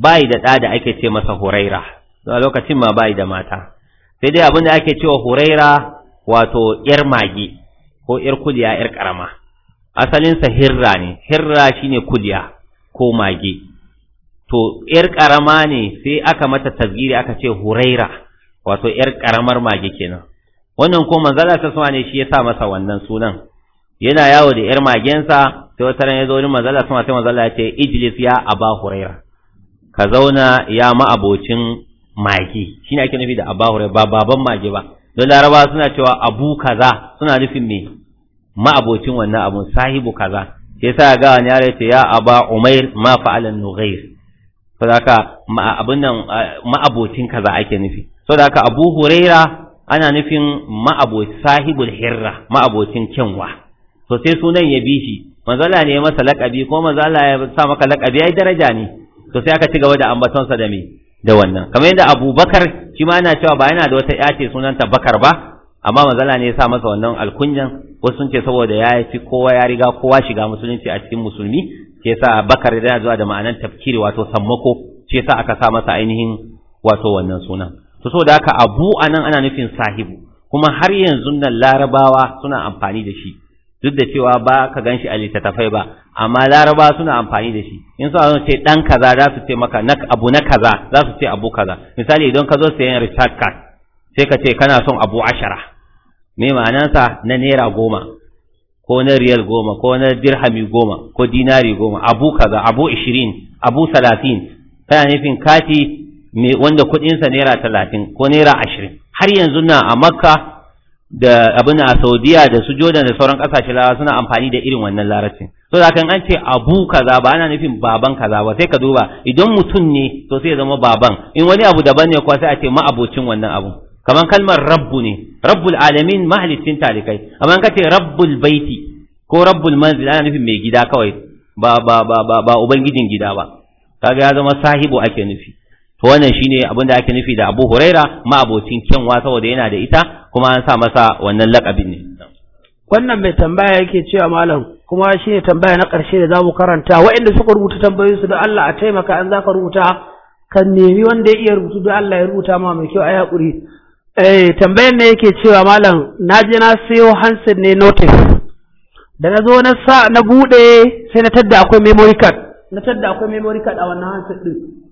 bai da ɗa da ake ce masa huraira a lokacin ma bai da mata sai dai abin da ake cewa huraira wato ‘yar mage ko ‘yar kuliya ‘yar ƙarama asalinsa hirra ne hirra shine kuliya ko mage to ‘yar ƙarama ne sai aka mata tasgiri aka ce huraira wato ‘yar ƙaramar mage kenan wannan ko manzala ta ne shi ya sa masa wannan sunan yana yawo da yar magensa sai wata ran ya zo ni, manzala sama sai manzala ya ce ijlis ya aba huraira ka zauna ya ma abocin mage shine ake nufi da aba huraira ba baban mage ba don laraba suna cewa abu kaza suna nufin me abocin wannan abun sahibu kaza sai sa ga wani yare ce ya aba umair ma fa'alan nughair saboda abun nan ma abocin kaza ake nufi saboda abu huraira ana nufin ma abocin sahibul hirra ma ma'abocin kyanwa to sai sunan ya bi shi manzala ne masa lakabi ko manzala ya sa maka lakabi yayi daraja ne to sai aka ci gaba da sa da me da wannan kamar yadda abubakar shi ma yana cewa ba yana da wata ya ce sunanta bakar ba amma manzala ne ya sa masa wannan alkunyan wasu sun ce saboda ya fi kowa ya riga kowa shiga musulunci a cikin musulmi shi sa bakar yana zuwa da ma'anar tafkiri wato sammako shi sa aka sa masa ainihin wato wannan sunan to saboda haka abu anan ana nufin sahibu kuma har yanzu nan larabawa suna amfani da shi duk da cewa ba ka gan shi a littattafai ba amma laraba suna amfani da shi in suna zo ce dan kaza za su ce maka abu na kaza za su ce abu kaza misali idan ka zo sayan richard card sai ka ce kana son abu ashara me ma'anansa na naira goma ko na riyal goma ko na dirhami goma ko dinari goma abu kaza abu ishirin abu salatin kana nufin kati wanda kuɗinsa naira talatin ko naira ashirin har yanzu na a makka da abin a Saudiya da su Jordan da sauran kasashe larabawa suna amfani da irin wannan larabcin so da kan an ce abu kaza ba ana nufin baban kaza ba sai ka duba idan mutum ne to sai ya zama baban in wani abu daban ne kuwa sai a ce ma'abocin wannan abu kamar kalmar rabbu ne rabbul alamin mahalicin talikai amma ka ce rabbul baiti ko rabbul manzil ana nufin mai gida kawai ba ba ba ba, ubangijin gida ba kaga ya zama sahibu ake nufi to wannan shine abin da ake nufi da Abu Huraira ma abocin kyanwa saboda yana da ita kuma an sa masa wannan lakabin ne wannan mai tambaya yake cewa malam kuma shi ne tambaya na ƙarshe da za mu karanta waɗanda suka rubuta su da Allah a taimaka an za ka rubuta kan nemi wanda ya iya rubutu da Allah ya rubuta ma mai kyau a yaƙuri eh tambayan ne yake cewa malam na je na sayo handset ne notice da na zo na sa na buɗe sai na tadda akwai memory card na tadda akwai memory card a wannan handset ɗin.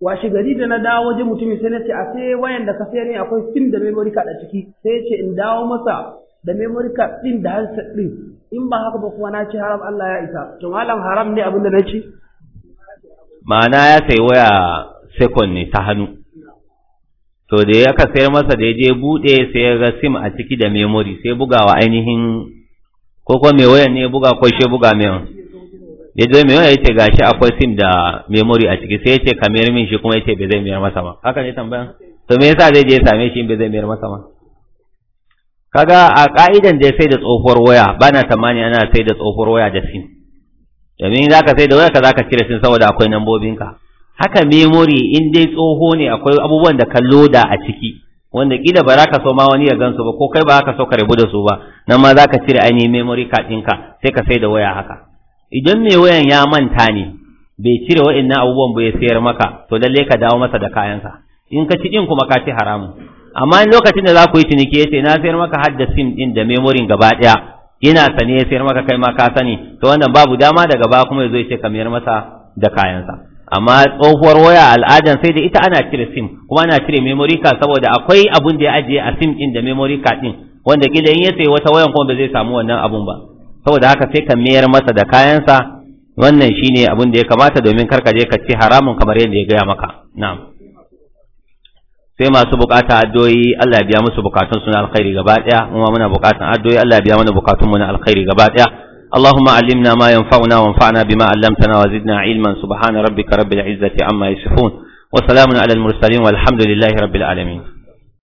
washe gari da na dawo waje mutumin sai na ce a sai wayan da ka saya ne akwai sim da memory card a ciki sai ya ce in dawo masa da memory card din da hansa din in ba haka ba kuma na ce haram Allah ya isa to malam haram ne abin da na ce ma'ana ya sai waya second ne ta hannu to da ya ka sai masa da ya je bude sai ya ga sim a ciki da memory sai bugawa ainihin ko ko mai wayan ne ya buga ko shi buga mai ya zai mai ya ce gashi akwai sim da memory a ciki sai ya ce ka mayar min shi kuma ya ce bai zai mayar masa ba haka ne tambayan to me yasa zai je ya same shi in bai zai mayar masa ba kaga a ka'idan da sai da tsohuwar waya ba na tamani ana sai da tsohuwar waya da sim domin za ka sai da waya ka za ka cire sim saboda akwai ka haka memory in dai tsoho ne akwai abubuwan da ka loda a ciki wanda kila ba za ka so ma wani ya gansu ba ko kai ba ka so ka rabu da su ba nan ma za ka cire ainihin memory card ɗinka sai ka sai da waya haka idan mai wayan ya manta ne bai cire wa'annan abubuwan ba ya sayar maka to lalle ka dawo masa da kayansa in ka ci din kuma ka ci haramun amma lokacin da za ku yi ciniki yace na sayar maka hadda sim din da memory gaba daya ina sane ya sayar maka kai ma ka sani to wannan babu dama daga ba kuma yazo ce ka mayar masa da kayansa amma tsohuwar waya al'adan sai da ita ana cire sim kuma ana cire memory card saboda akwai abun da ya ajiye a sim din da memory card din wanda kila in ya sayi wata wayan kuma ba zai samu wannan abun ba saboda haka sai ka mayar masa da kayansa wannan shine abin da ya kamata domin karka je ka ci haramun kamar yadda ya gaya maka na'am sai masu bukata addu'o'i Allah ya biya musu bukatun suna alkhairi gaba daya mu ma muna bukatan addu'o'i Allah ya biya mana bukatun mu na alkhairi gaba daya اللهم علمنا ما ينفعنا وانفعنا بما علمتنا وزدنا علما سبحان ربك رب العزة عما يصفون وسلام على المرسلين والحمد لله رب العالمين